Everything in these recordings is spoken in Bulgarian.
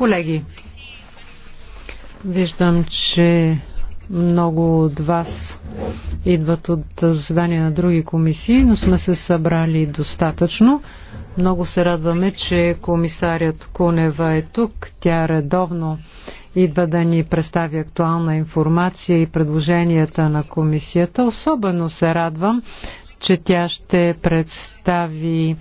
Колеги, виждам, че много от вас идват от заседания на други комисии, но сме се събрали достатъчно. Много се радваме, че комисарят Кунева е тук. Тя редовно идва да ни представи актуална информация и предложенията на комисията. Особено се радвам, че тя ще представи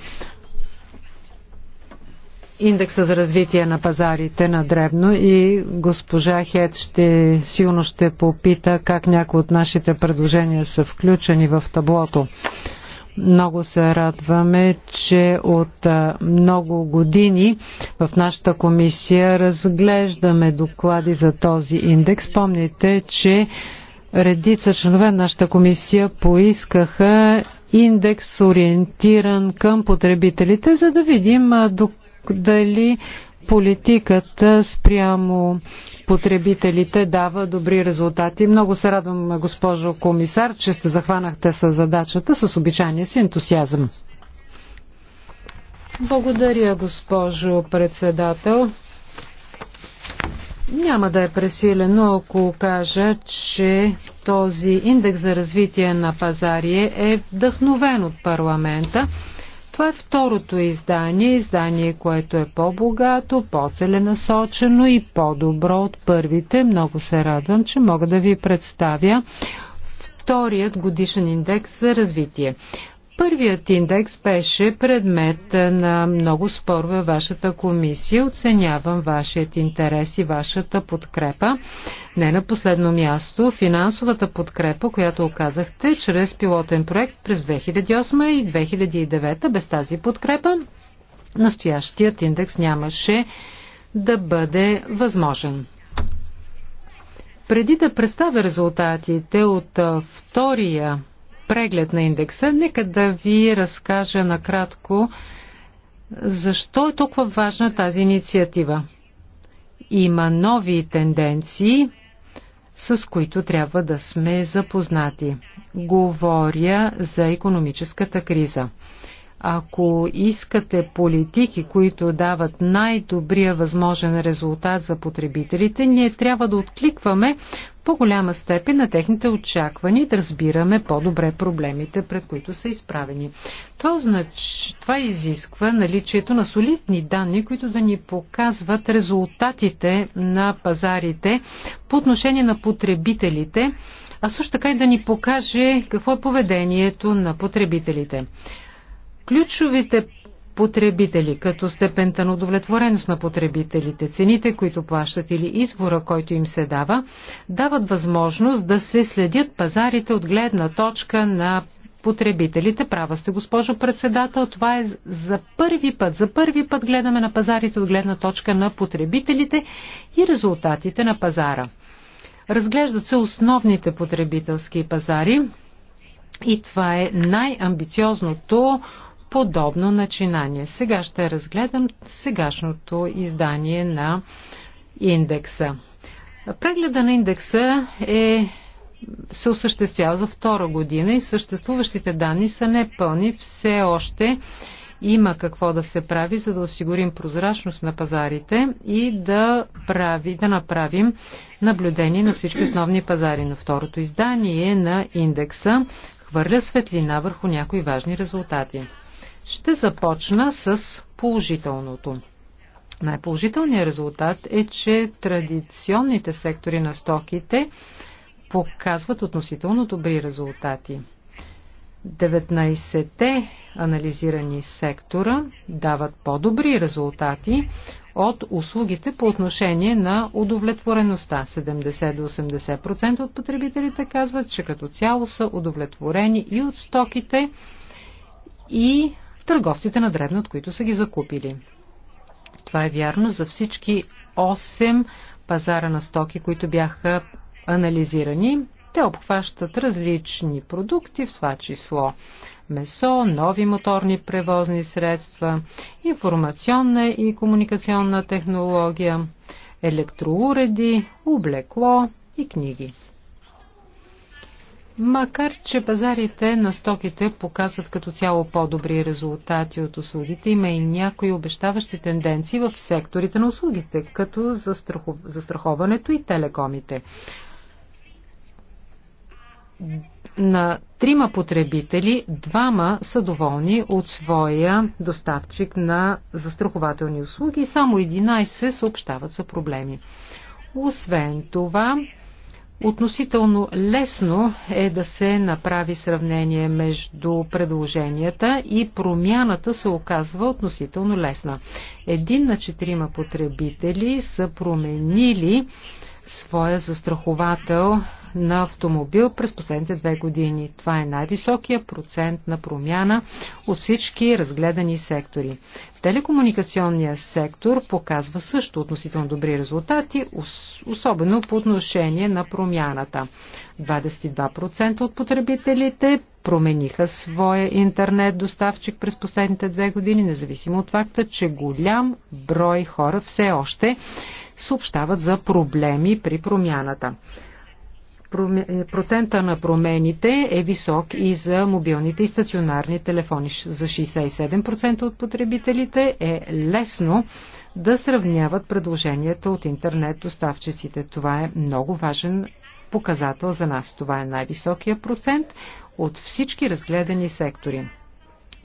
индекса за развитие на пазарите на Дребно и госпожа Хед ще, силно ще попита как някои от нашите предложения са включени в таблото. Много се радваме, че от много години в нашата комисия разглеждаме доклади за този индекс. Помните, че редица членове на нашата комисия поискаха индекс ориентиран към потребителите, за да видим дали политиката спрямо потребителите дава добри резултати. Много се радвам, госпожо комисар, че сте захванахте с задачата с обичайния си ентусиазъм. Благодаря, госпожо председател. Няма да е пресилено, ако кажа, че този индекс за развитие на пазари е вдъхновен от парламента. Това е второто издание, издание, което е по-богато, по-целенасочено и по-добро от първите. Много се радвам, че мога да ви представя вторият годишен индекс за развитие. Първият индекс беше предмет на много спор във вашата комисия. Оценявам вашият интерес и вашата подкрепа. Не на последно място, финансовата подкрепа, която оказахте чрез пилотен проект през 2008 и 2009. Без тази подкрепа настоящият индекс нямаше да бъде възможен. Преди да представя резултатите от втория преглед на индекса. Нека да ви разкажа накратко защо е толкова важна тази инициатива. Има нови тенденции, с които трябва да сме запознати. Говоря за економическата криза. Ако искате политики, които дават най-добрия възможен резултат за потребителите, ние трябва да откликваме по-голяма степен на техните очаквания да разбираме по-добре проблемите, пред които са изправени. Това, означ... Това изисква наличието на солидни данни, които да ни показват резултатите на пазарите по отношение на потребителите, а също така и да ни покаже какво е поведението на потребителите. Ключовите потребители, като степента на удовлетвореност на потребителите, цените, които плащат или избора, който им се дава, дават възможност да се следят пазарите от гледна точка на потребителите. Права сте, госпожо председател. Това е за първи път. За първи път гледаме на пазарите от гледна точка на потребителите и резултатите на пазара. Разглеждат се основните потребителски пазари и това е най-амбициозното подобно начинание. Сега ще разгледам сегашното издание на индекса. Прегледа на индекса е се осъществява за втора година и съществуващите данни са непълни. Все още има какво да се прави, за да осигурим прозрачност на пазарите и да, прави, да направим наблюдение на всички основни пазари. На второто издание на индекса хвърля светлина върху някои важни резултати. Ще започна с положителното. Най-положителният резултат е, че традиционните сектори на стоките показват относително добри резултати. 19-те анализирани сектора дават по-добри резултати от услугите по отношение на удовлетвореността. 70-80% от потребителите казват, че като цяло са удовлетворени и от стоките, и в търговците на дребно, от които са ги закупили. Това е вярно за всички 8 пазара на стоки, които бяха анализирани. Те обхващат различни продукти, в това число месо, нови моторни превозни средства, информационна и комуникационна технология, електроуреди, облекло и книги. Макар, че пазарите на стоките показват като цяло по-добри резултати от услугите, има и някои обещаващи тенденции в секторите на услугите, като застрахов... застраховането и телекомите. На трима потребители, двама са доволни от своя доставчик на застрахователни услуги и само 11 съобщават за проблеми. Освен това, Относително лесно е да се направи сравнение между предложенията и промяната се оказва относително лесна. Един на четирима потребители са променили своя застраховател на автомобил през последните две години. Това е най-високия процент на промяна от всички разгледани сектори. Телекомуникационният сектор показва също относително добри резултати, особено по отношение на промяната. 22% от потребителите промениха своя интернет доставчик през последните две години, независимо от факта, че голям брой хора все още съобщават за проблеми при промяната. Е, процента на промените е висок и за мобилните и стационарни телефони. За 67% от потребителите е лесно да сравняват предложенията от интернет доставчиците. Това е много важен показател за нас. Това е най-високия процент от всички разгледани сектори.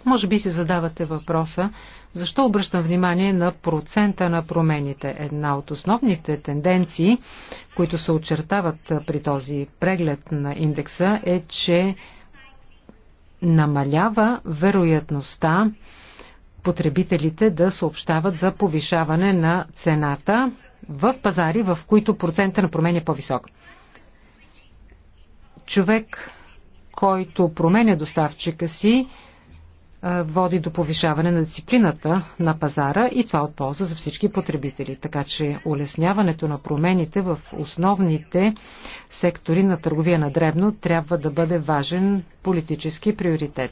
Може би си задавате въпроса, защо обръщам внимание на процента на промените. Една от основните тенденции, които се очертават при този преглед на индекса е, че намалява вероятността потребителите да съобщават за повишаване на цената в пазари, в които процента на промени е по-висок. Човек, който променя доставчика си, води до повишаване на дисциплината на пазара и това от полза за всички потребители. Така че улесняването на промените в основните сектори на търговия на дребно трябва да бъде важен политически приоритет.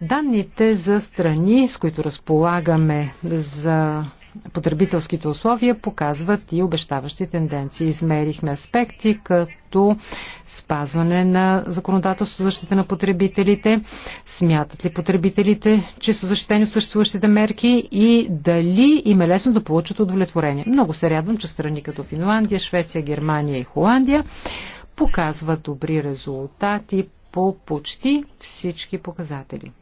Данните за страни, с които разполагаме за потребителските условия показват и обещаващи тенденции. Измерихме аспекти като спазване на законодателство защита на потребителите, смятат ли потребителите, че са защитени от съществуващите мерки и дали им е лесно да получат удовлетворение. Много се радвам, че страни като Финландия, Швеция, Германия и Холандия показват добри резултати по почти всички показатели.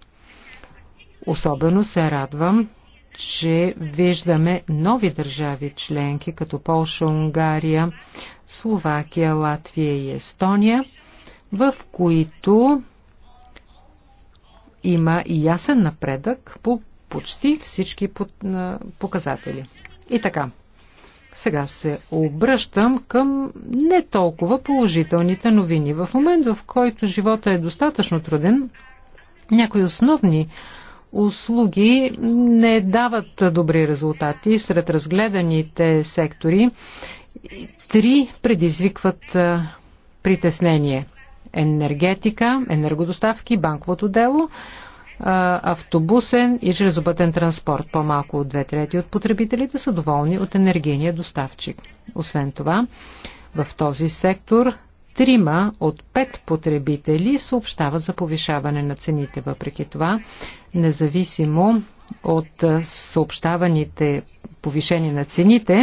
Особено се радвам, че виждаме нови държави членки, като Полша, Унгария, Словакия, Латвия и Естония, в които има и ясен напредък по почти всички показатели. И така, сега се обръщам към не толкова положителните новини. В момент, в който живота е достатъчно труден, някои основни услуги не дават добри резултати. Сред разгледаните сектори три предизвикват притеснение. Енергетика, енергодоставки, банковото дело, автобусен и железопътен транспорт. По-малко от две трети от потребителите са доволни от енергийния доставчик. Освен това, в този сектор трима от пет потребители съобщават за повишаване на цените. Въпреки това, независимо от съобщаваните повишение на цените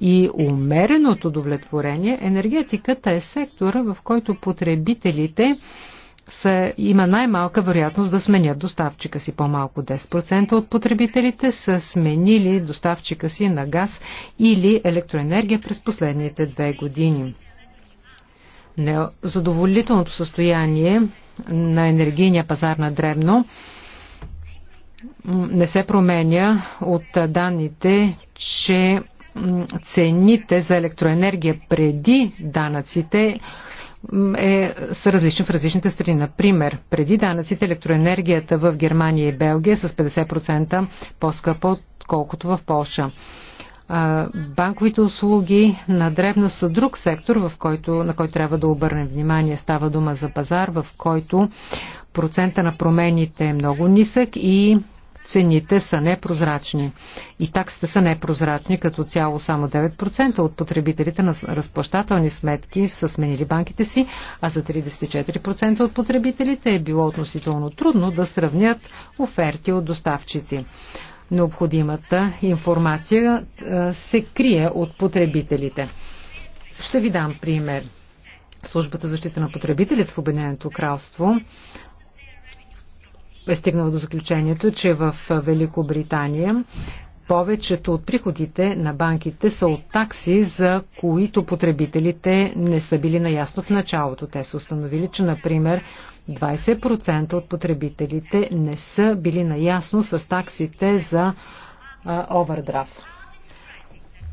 и умереното удовлетворение, енергетиката е сектора, в който потребителите са, има най-малка вероятност да сменят доставчика си. По-малко 10% от потребителите са сменили доставчика си на газ или електроенергия през последните две години незадоволителното състояние на енергийния пазар на Дребно не се променя от данните, че цените за електроенергия преди данъците е, са различни в различните страни. Например, преди данъците електроенергията в Германия и Белгия с 50% по-скъпа, отколкото в Польша банковите услуги на дребно са друг сектор, в който, на който трябва да обърнем внимание. Става дума за пазар, в който процента на промените е много нисък и цените са непрозрачни. И таксите са непрозрачни, като цяло само 9% от потребителите на разплащателни сметки са сменили банките си, а за 34% от потребителите е било относително трудно да сравнят оферти от доставчици необходимата информация се крие от потребителите. Ще ви дам пример. Службата защита на потребителите в Обединеното кралство е стигнала до заключението, че в Великобритания повечето от приходите на банките са от такси, за които потребителите не са били наясно в началото. Те са установили, че, например, 20% от потребителите не са били наясно с таксите за овердрафт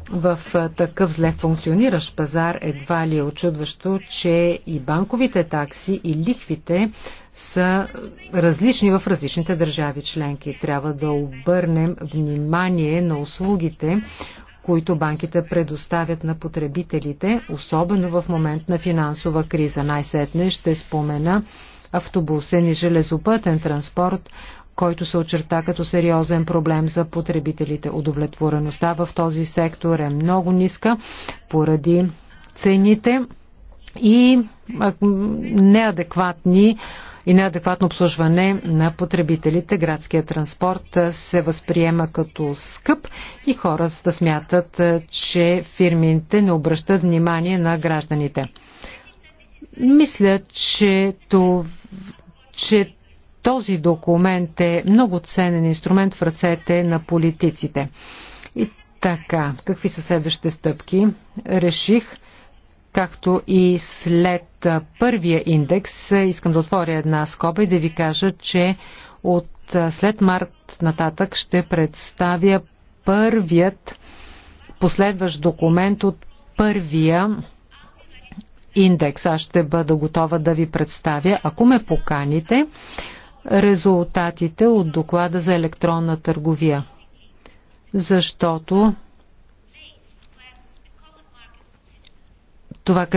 в такъв зле функциониращ пазар едва ли е очудващо, че и банковите такси и лихвите са различни в различните държави членки. Трябва да обърнем внимание на услугите, които банките предоставят на потребителите, особено в момент на финансова криза. Най-сетне ще спомена автобусен и железопътен транспорт, който се очерта като сериозен проблем за потребителите. Удовлетвореността в този сектор е много ниска поради цените и неадекватни и неадекватно обслужване на потребителите. Градският транспорт се възприема като скъп и хората да смятат, че фирмите не обръщат внимание на гражданите. Мисля, че, това, че този документ е много ценен инструмент в ръцете на политиците. И така, какви са следващите стъпки? Реших, както и след първия индекс, искам да отворя една скоба и да ви кажа, че от след март нататък ще представя първият последващ документ от първия индекс. Аз ще бъда готова да ви представя, ако ме поканите, резултатите от доклада за електронна търговия. Защото това,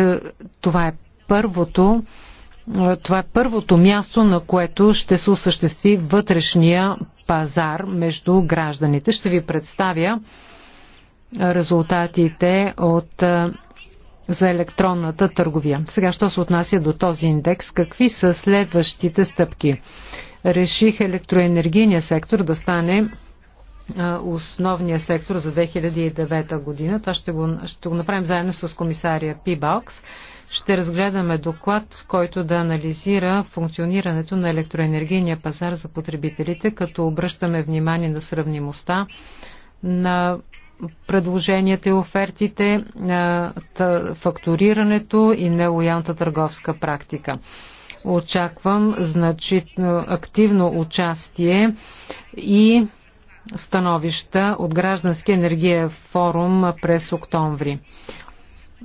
това е първото това е първото място, на което ще се осъществи вътрешния пазар между гражданите. Ще ви представя резултатите от за електронната търговия. Сега, що се отнася до този индекс, какви са следващите стъпки? Реших електроенергийния сектор да стане основния сектор за 2009 година. Това ще го, ще го направим заедно с комисария Пибалкс. Ще разгледаме доклад, който да анализира функционирането на електроенергийния пазар за потребителите, като обръщаме внимание на сравнимостта на предложенията и офертите, фактурирането и нелоялната търговска практика. Очаквам значително активно участие и становища от Граждански енергия форум през октомври.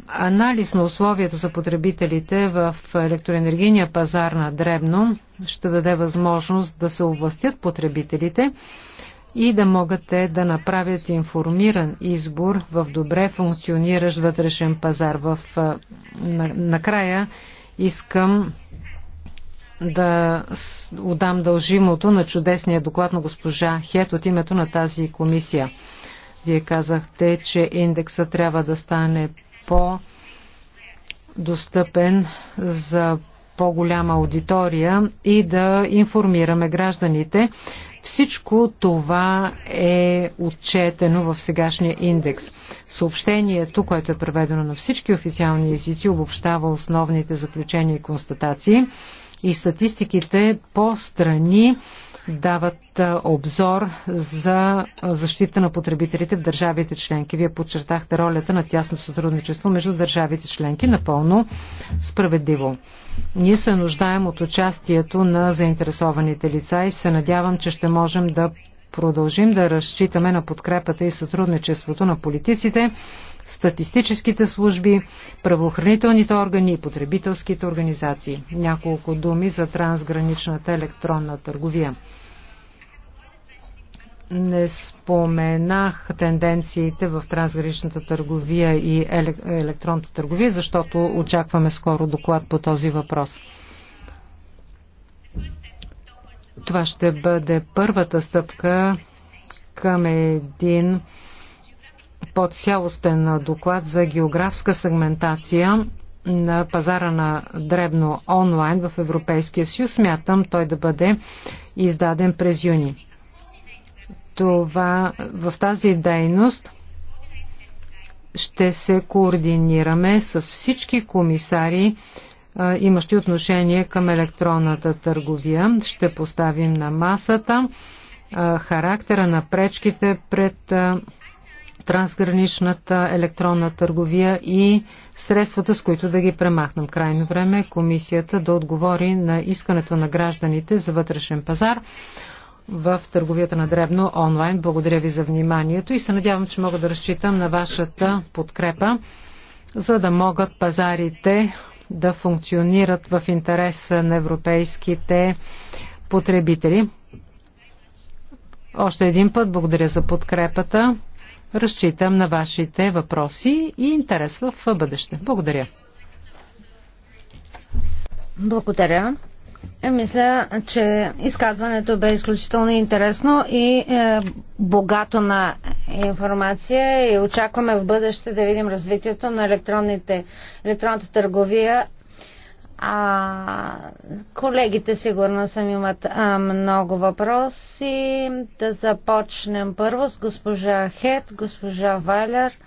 Анализ на условията за потребителите в електроенергийния пазар на Дребно ще даде възможност да се овластят потребителите и да могат те да направят информиран избор в добре функциониращ вътрешен пазар. В, на, накрая искам да отдам дължимото на чудесния доклад на госпожа Хет от името на тази комисия. Вие казахте, че индекса трябва да стане по-достъпен за по-голяма аудитория и да информираме гражданите. Всичко това е отчетено в сегашния индекс. Съобщението, което е преведено на всички официални езици, обобщава основните заключения и констатации и статистиките по страни дават обзор за защита на потребителите в държавите членки. Вие подчертахте ролята на тясно сътрудничество между държавите членки напълно справедливо. Ние се нуждаем от участието на заинтересованите лица и се надявам, че ще можем да продължим да разчитаме на подкрепата и сътрудничеството на политиците статистическите служби, правоохранителните органи и потребителските организации. Няколко думи за трансграничната електронна търговия. Не споменах тенденциите в трансграничната търговия и електронната търговия, защото очакваме скоро доклад по този въпрос. Това ще бъде първата стъпка към един по-цялостен доклад за географска сегментация на пазара на дребно онлайн в Европейския съюз. Смятам той да бъде издаден през юни. Това, в тази дейност ще се координираме с всички комисари, имащи отношение към електронната търговия. Ще поставим на масата характера на пречките пред трансграничната електронна търговия и средствата, с които да ги премахнем. Крайно време е комисията да отговори на искането на гражданите за вътрешен пазар в търговията на Дребно онлайн. Благодаря ви за вниманието и се надявам, че мога да разчитам на вашата подкрепа, за да могат пазарите да функционират в интерес на европейските потребители. Още един път благодаря за подкрепата. Разчитам на вашите въпроси и интерес в бъдеще. Благодаря. Благодаря. Е, мисля, че изказването бе изключително интересно и е, богато на информация и очакваме в бъдеще да видим развитието на електронните, електронната търговия а, колегите сигурно съм имат а, много въпроси. Да започнем първо с госпожа Хет, госпожа Вайлер,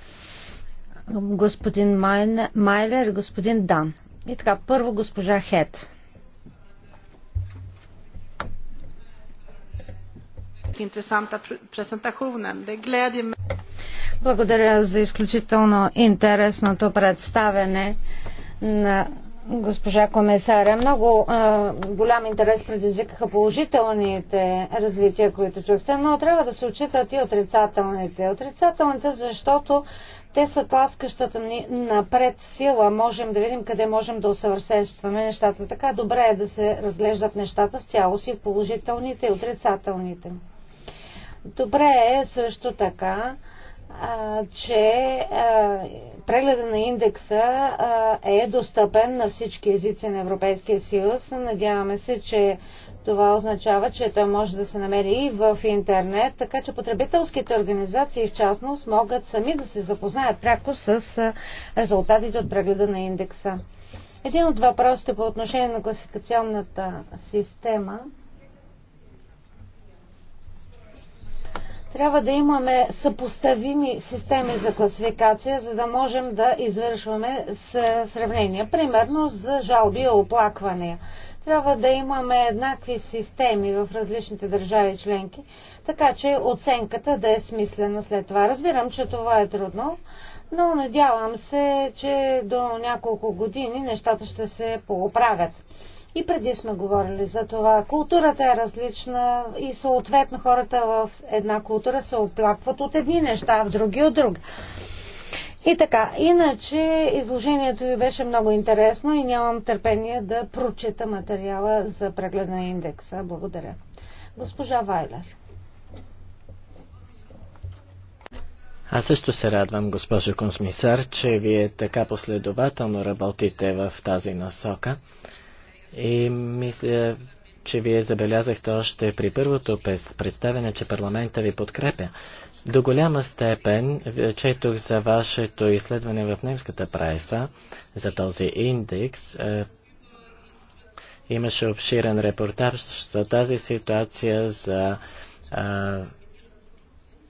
господин Майлер и господин Дан. И така, първо госпожа Хет. intressanta presentationen. Det gläder Благодаря за изключително интересното представене на госпожа комисаря. Много а, голям интерес предизвикаха положителните развития, които чухте, но трябва да се отчитат и отрицателните. Отрицателните, защото те са тласкащата ни напред сила. Можем да видим къде можем да усъвършенстваме нещата. Така добре е да се разглеждат нещата в цялост и положителните и отрицателните. Добре е също така, а, че а, Прегледа на индекса е достъпен на всички езици на Европейския съюз. Надяваме се, че това означава, че той може да се намери и в интернет, така че потребителските организации в частност могат сами да се запознаят пряко с резултатите от прегледа на индекса. Един от въпросите по отношение на класификационната система Трябва да имаме съпоставими системи за класификация, за да можем да извършваме сравнения. Примерно за жалби и оплаквания. Трябва да имаме еднакви системи в различните държави членки, така че оценката да е смислена след това. Разбирам, че това е трудно, но надявам се, че до няколко години нещата ще се поправят. И преди сме говорили за това. Културата е различна и съответно хората в една култура се оплакват от едни неща, а в други от друга. И така, иначе изложението ви беше много интересно и нямам търпение да прочета материала за преглед на индекса. Благодаря. Госпожа Вайлер. Аз също се радвам, госпожо Консмисар, че вие така последователно работите в тази насока. И мисля, че вие забелязахте още при първото представяне, че парламента ви подкрепя. До голяма степен е, четох за вашето изследване в немската преса за този индекс. Е, имаше обширен репортаж за тази ситуация, за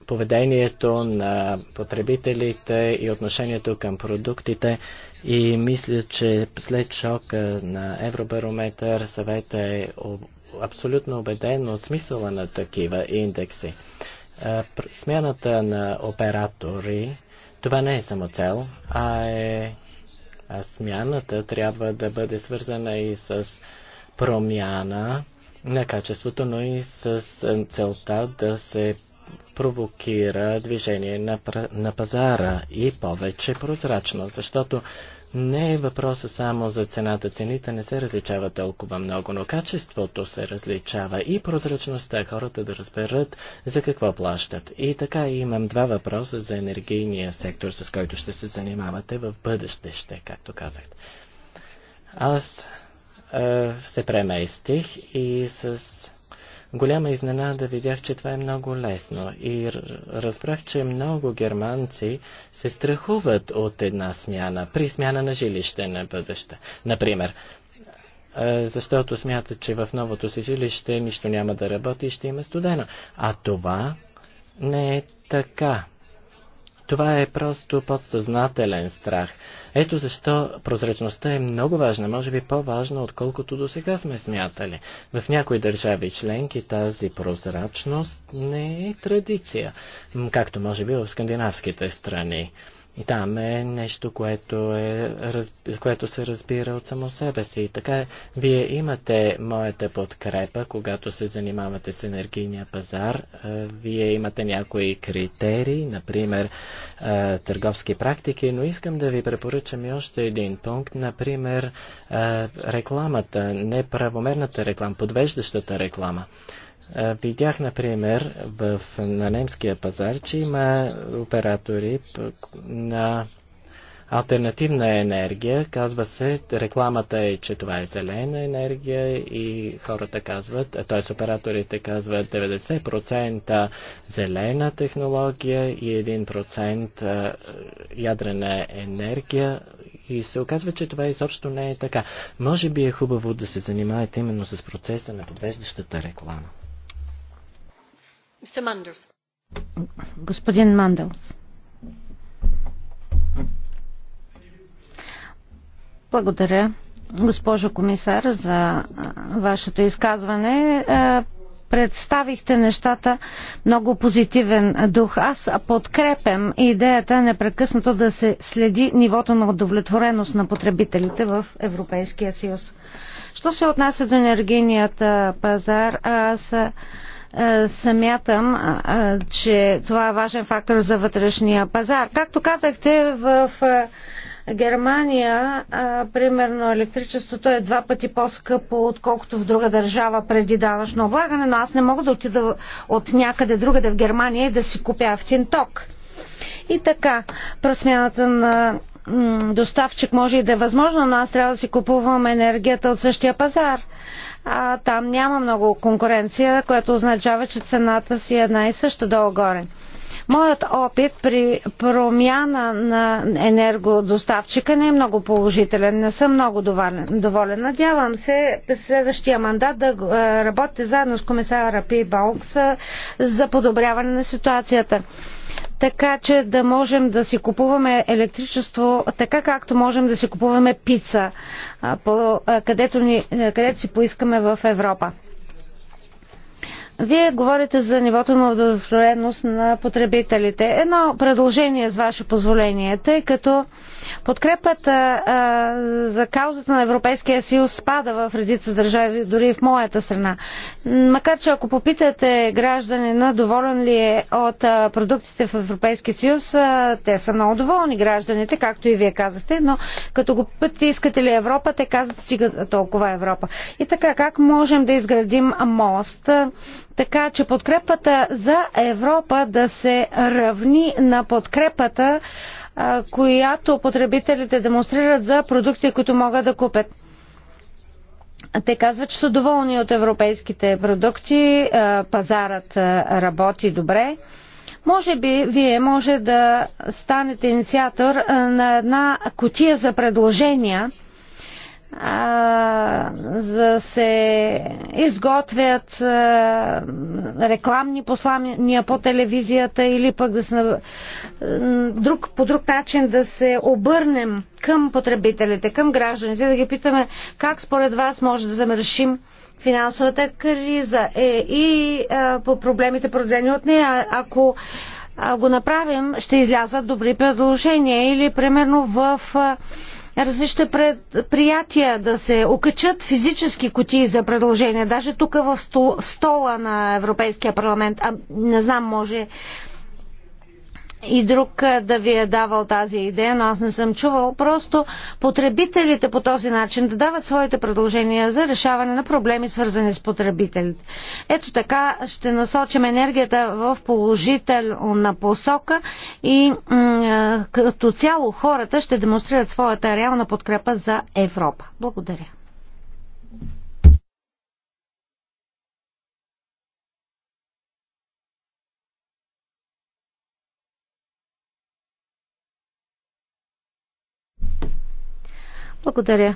поведението на потребителите и отношението към продуктите и мисля, че след шока на Евробарометър съвета е абсолютно убеден от смисъла на такива индекси. Смяната на оператори, това не е само цел, а е а смяната трябва да бъде свързана и с промяна на качеството, но и с целта да се провокира движение на, на пазара и повече прозрачно, защото не е въпроса само за цената. Цените не се различават толкова много, но качеството се различава и прозрачността хората да разберат за какво плащат. И така имам два въпроса за енергийния сектор, с който ще се занимавате в бъдеще, както казахте. Аз е, се преместих и с голяма изненада видях, че това е много лесно и разбрах, че много германци се страхуват от една смяна, при смяна на жилище на бъдеще. Например, защото смятат, че в новото си жилище нищо няма да работи и ще има студено. А това не е така. Това е просто подсъзнателен страх. Ето защо прозрачността е много важна, може би по-важна, отколкото до сега сме смятали. В някои държави членки тази прозрачност не е традиция, както може би в скандинавските страни. И там е нещо, което, е, което се разбира от само себе си. И така, вие имате моята подкрепа, когато се занимавате с енергийния пазар. Е, вие имате някои критерии, например е, търговски практики, но искам да ви препоръчам и още един пункт, например е, рекламата, неправомерната реклама, подвеждащата реклама. Е, видях, например, в, на немския пазар, че има оператори на альтернативна енергия. Казва се, рекламата е, че това е зелена енергия и хората казват, е, т.е. операторите казват 90% зелена технология и 1% е, ядрена енергия. И се оказва, че това изобщо не е така. Може би е хубаво да се занимавате именно с процеса на подвеждащата реклама. Господин Мандълс. Благодаря, госпожо комисар, за вашето изказване. Представихте нещата много позитивен дух. Аз подкрепям идеята непрекъснато да се следи нивото на удовлетвореност на потребителите в Европейския съюз. Що се отнася до енергийният пазар, аз е, Смятам, е, е, че това е важен фактор за вътрешния пазар. Както казахте, в Германия, примерно, електричеството е два пъти по-скъпо, отколкото в друга държава преди данъчно облагане, но аз не мога да отида от някъде другаде в Германия и да си купя автин ток. И така, просмяната на доставчик може и да е възможно, но аз трябва да си купувам енергията от същия пазар а, там няма много конкуренция, което означава, че цената си е една и съща долу-горе. Моят опит при промяна на енергодоставчика не е много положителен. Не съм много доволен. Надявам се през следващия мандат да е, работите заедно с комисара Пи Балкса е, за подобряване на ситуацията така че да можем да си купуваме електричество, така както можем да си купуваме пица, където, ни, където си поискаме в Европа. Вие говорите за нивото на удовлетвореност на потребителите. Едно предложение с ваше позволение, тъй като Подкрепата за каузата на Европейския съюз спада в редица държави, дори и в моята страна. Макар, че ако попитате гражданина доволен ли е от продуктите в Европейския съюз, те са много доволни гражданите, както и вие казахте, но като го път искате ли Европа, те казват, че толкова Европа. И така, как можем да изградим мост, така че подкрепата за Европа да се равни на подкрепата която потребителите демонстрират за продукти, които могат да купят. Те казват, че са доволни от европейските продукти, пазарът работи добре. Може би вие може да станете инициатор на една котия за предложения – за да се изготвят рекламни послания по телевизията или пък да се, друг, по друг начин да се обърнем към потребителите, към гражданите, да ги питаме как според вас може да замършим финансовата криза е, и а, по проблемите породени от нея. Ако а, го направим, ще излязат добри предложения или примерно в а, различни предприятия да се окачат физически кутии за предложения, даже тук в стола на Европейския парламент. А, не знам, може и друг да ви е давал тази идея, но аз не съм чувал. Просто потребителите по този начин да дават своите предложения за решаване на проблеми, свързани с потребителите. Ето така ще насочим енергията в положителна посока и като цяло хората ще демонстрират своята реална подкрепа за Европа. Благодаря. Благодаря.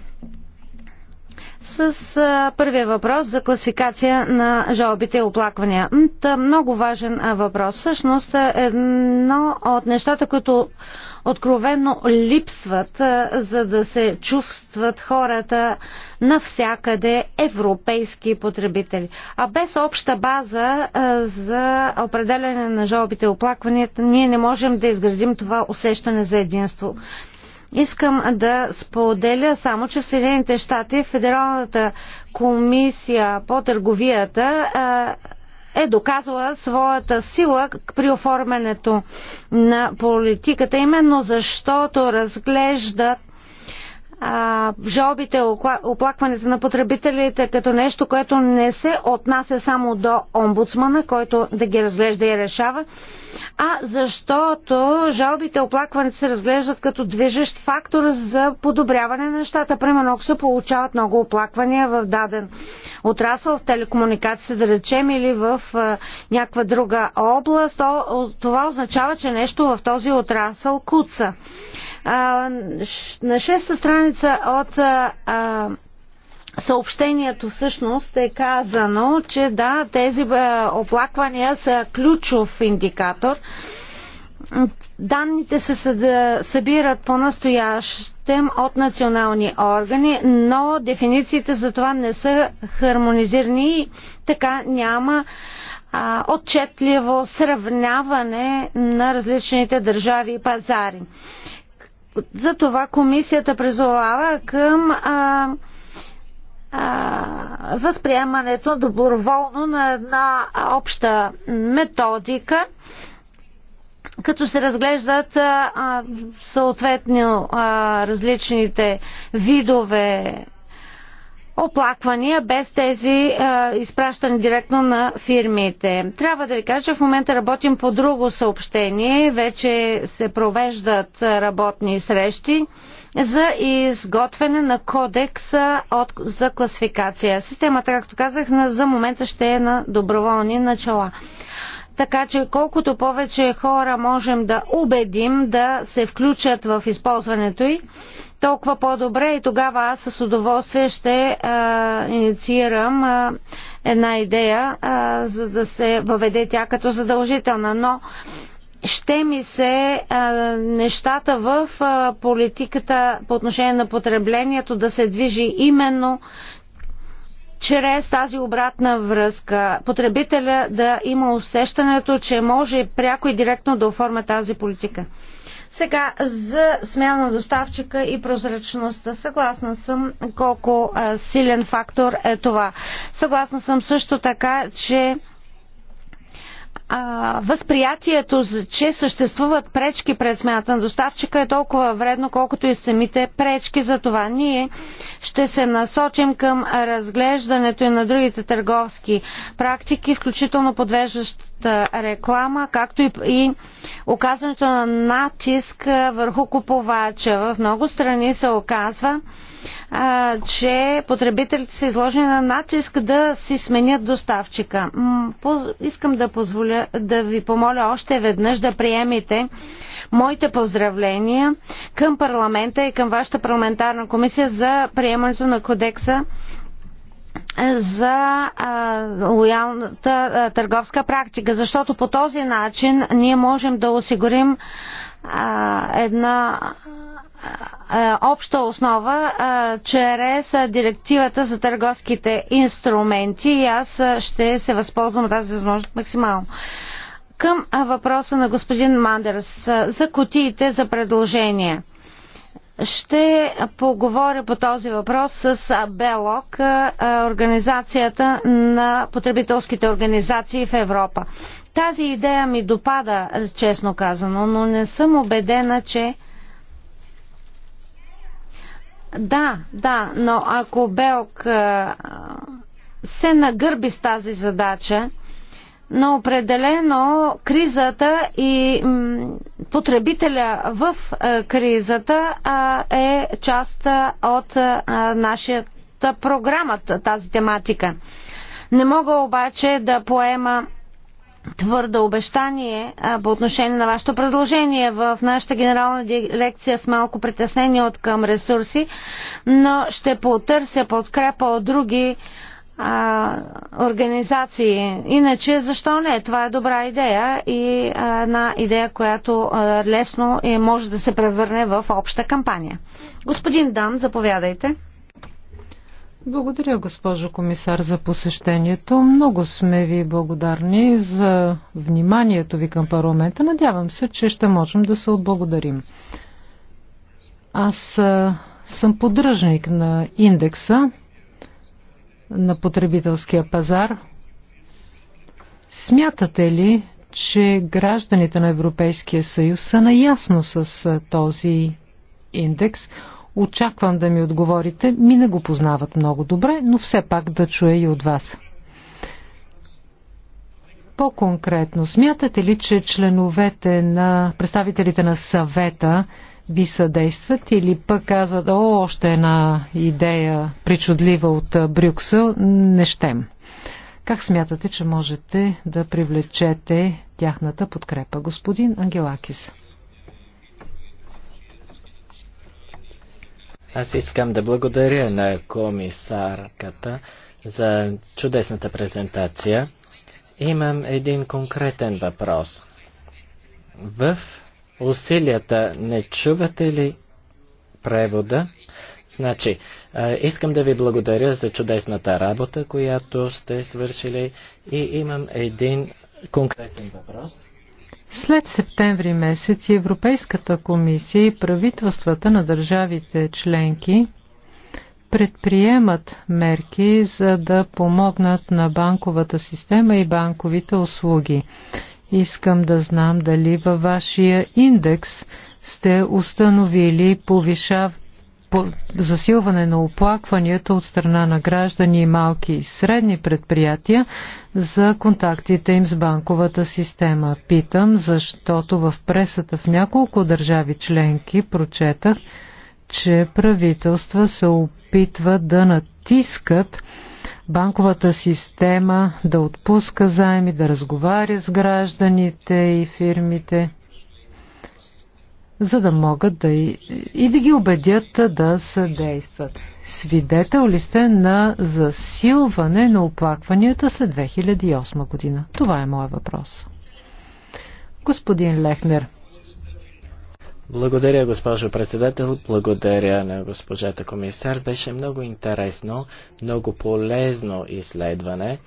С а, първия въпрос за класификация на жалбите и оплаквания. Та, много важен а, въпрос. Всъщност, едно от нещата, които откровенно липсват, а, за да се чувстват хората навсякъде европейски потребители. А без обща база а, за определяне на жалбите и оплакванията, ние не можем да изградим това усещане за единство. Искам да споделя само, че в Съединените щати Федералната комисия по търговията е доказала своята сила при оформянето на политиката, именно защото разглеждат жалбите, оплакването на потребителите като нещо, което не се отнася само до омбудсмана, който да ги разглежда и решава, а защото жалбите и оплакването се разглеждат като движещ фактор за подобряване на нещата. Примерно, ако се получават много оплаквания в даден отрасъл, в телекомуникация, да речем, или в а, някаква друга област, то, това означава, че нещо в този отрасъл куца. А, на шеста страница от а, съобщението всъщност е казано, че да, тези е, оплаквания са ключов индикатор. Данните се събират по-настоящем от национални органи, но дефинициите за това не са хармонизирани и така няма а, отчетливо сравняване на различните държави и пазари. Затова комисията призовава към а, възприемането доброволно на една обща методика, като се разглеждат а, съответно а, различните видове оплаквания без тези а, изпращани директно на фирмите. Трябва да ви кажа, че в момента работим по друго съобщение. Вече се провеждат работни срещи за изготвяне на кодекса от, за класификация. Системата, както казах, за момента ще е на доброволни начала. Така че колкото повече хора можем да убедим да се включат в използването й, толкова по-добре и тогава аз с удоволствие ще а, инициирам а, една идея, а, за да се въведе тя като задължителна. Но ще ми се а, нещата в а, политиката по отношение на потреблението да се движи именно чрез тази обратна връзка. Потребителя да има усещането, че може пряко и директно да оформя тази политика. Сега за смяна на доставчика и прозрачността. Съгласна съм колко а, силен фактор е това. Съгласна съм също така, че а, възприятието, че съществуват пречки пред смяната на доставчика е толкова вредно, колкото и самите пречки. За това ние ще се насочим към разглеждането и на другите търговски практики, включително подвеждаща реклама, както и, и оказването на натиск върху купувача. В много страни се оказва, а, че потребителите са изложени на натиск да си сменят доставчика. искам да, позволя, да ви помоля още веднъж да приемите моите поздравления към парламента и към вашата парламентарна комисия за приемането на кодекса за а, лоялната а, търговска практика, защото по този начин ние можем да осигурим а, една е, обща основа е, чрез директивата за търговските инструменти и аз е, ще се възползвам от тази възможност максимално. Към въпроса на господин Мандерс за котиите за предложения. Ще поговоря по този въпрос с БЕЛОК, Организацията на потребителските организации в Европа. Тази идея ми допада, честно казано, но не съм убедена, че да, да, но ако Белк се нагърби с тази задача, но определено кризата и потребителя в кризата е част от нашата програма, тази тематика. Не мога обаче да поема твърдо обещание а, по отношение на вашето предложение. В нашата генерална дирекция с малко притеснение от към ресурси, но ще потърся подкрепа от други а, организации. Иначе, защо не? Това е добра идея и а, една идея, която а, лесно е, може да се превърне в обща кампания. Господин Дан, заповядайте. Благодаря, госпожо комисар, за посещението. Много сме ви благодарни за вниманието ви към парламента. Надявам се, че ще можем да се отблагодарим. Аз съм поддръжник на индекса на потребителския пазар. Смятате ли, че гражданите на Европейския съюз са наясно с този индекс? Очаквам да ми отговорите. Ми не го познават много добре, но все пак да чуя и от вас. По-конкретно, смятате ли, че членовете на представителите на съвета ви съдействат или пък казват, о, още една идея причудлива от Брюксел, не щем. Как смятате, че можете да привлечете тяхната подкрепа, господин Ангелакис? Аз искам да благодаря на комисарката за чудесната презентация. Имам един конкретен въпрос. В усилията не чувате ли превода? Значи, искам да ви благодаря за чудесната работа, която сте свършили и имам един конкретен въпрос. След септември месец Европейската комисия и правителствата на държавите членки предприемат мерки, за да помогнат на банковата система и банковите услуги. Искам да знам дали във вашия индекс сте установили повишав, засилване на оплакванията от страна на граждани и малки и средни предприятия за контактите им с банковата система. Питам, защото в пресата в няколко държави членки прочетах, че правителства се опитват да натискат банковата система да отпуска заеми, да разговаря с гражданите и фирмите за да могат да и, и да ги убедят да съдействат. Свидетел ли сте на засилване на оплакванията след 2008 година? Това е моят въпрос. Господин Лехнер. Благодаря, госпожо председател. Благодаря на госпожата комисар. Беше много интересно, много полезно изследване.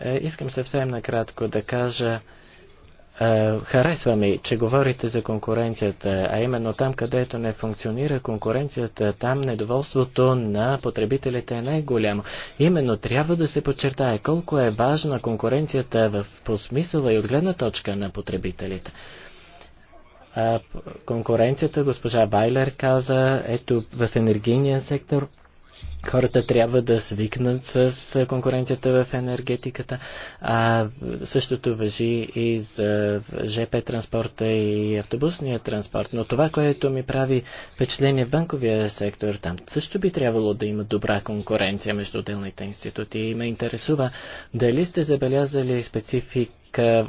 Е, искам съвсем накратко да кажа е, харесва ми, че говорите за конкуренцията, а именно там, където не функционира конкуренцията, там недоволството на потребителите е най-голямо. Именно трябва да се подчертае колко е важна конкуренцията в, по смисъла и от гледна точка на потребителите. А, е, конкуренцията, госпожа Байлер каза, ето в енергийния сектор Хората трябва да свикнат с конкуренцията в енергетиката, а същото въжи и за ЖП транспорта и автобусния транспорт. Но това, което ми прави впечатление в банковия сектор, там също би трябвало да има добра конкуренция между отделните институти. И ме интересува дали сте забелязали специфик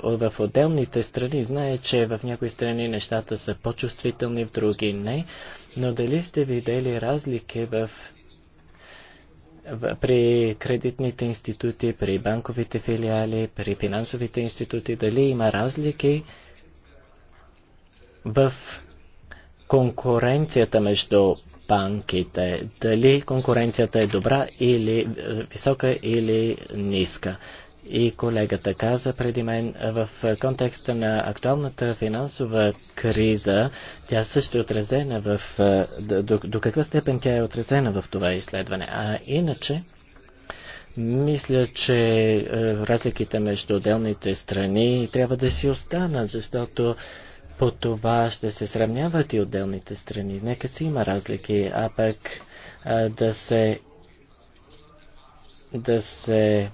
в отделните страни. Знае, че в някои страни нещата са по-чувствителни, в други не. Но дали сте видели разлики в при кредитните институти, при банковите филиали, при финансовите институти, дали има разлики в конкуренцията между банките, дали конкуренцията е добра или е, висока или ниска и колегата каза преди мен, в контекста на актуалната финансова криза, тя също е отразена в... До, до каква степен тя е отразена в това изследване? А иначе, мисля, че разликите между отделните страни трябва да си останат, защото по това ще се сравняват и отделните страни. Нека си има разлики, а пък да се да се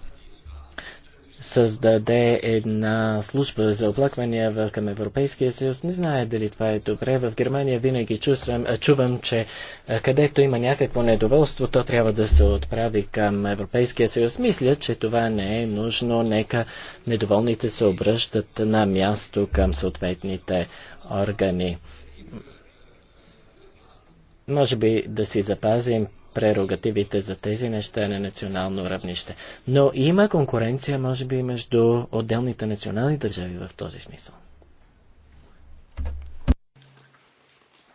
създаде една служба за оплаквания към Европейския съюз. Не знае дали това е добре. В Германия винаги чувствам, чувам, че където има някакво недоволство, то трябва да се отправи към Европейския съюз. Мисля, че това не е нужно. Нека недоволните се обръщат на място към съответните органи. Може би да си запазим прерогативите за тези неща на национално равнище. Но има конкуренция, може би, между отделните национални държави в този смисъл.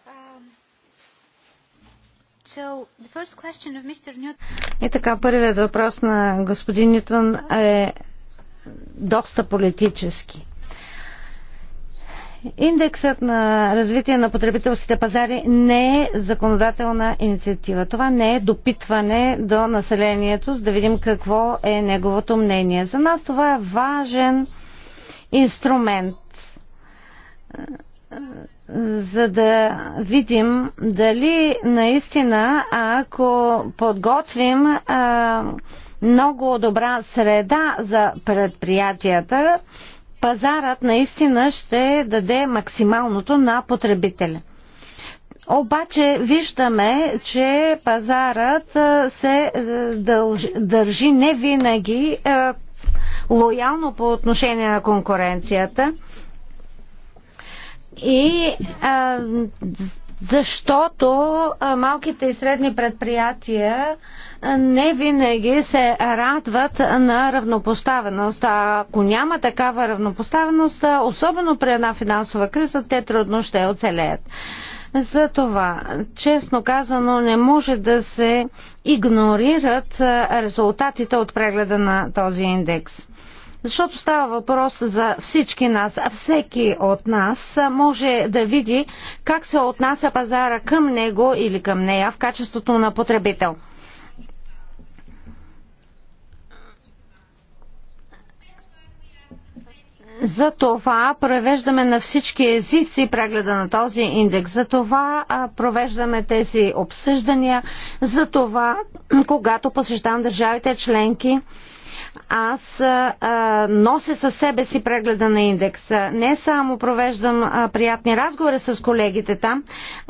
Um, so, така, първият въпрос на господин Нютон е доста политически. Индексът на развитие на потребителските пазари не е законодателна инициатива. Това не е допитване до населението, за да видим какво е неговото мнение. За нас това е важен инструмент, за да видим дали наистина, ако подготвим много добра среда за предприятията, пазарът наистина ще даде максималното на потребителя. Обаче виждаме, че пазарът се държи не винаги лоялно по отношение на конкуренцията и а, защото малките и средни предприятия не винаги се радват на равнопоставеност. А ако няма такава равнопоставеност, особено при една финансова криза, те трудно ще оцелеят. За това, честно казано, не може да се игнорират резултатите от прегледа на този индекс. Защото става въпрос за всички нас, а всеки от нас може да види как се отнася пазара към него или към нея в качеството на потребител. За това превеждаме на всички езици прегледа на този индекс. За това провеждаме тези обсъждания. За това, когато посещавам държавите членки, аз а, нося със себе си прегледа на индекса. Не само провеждам а, приятни разговори с колегите там,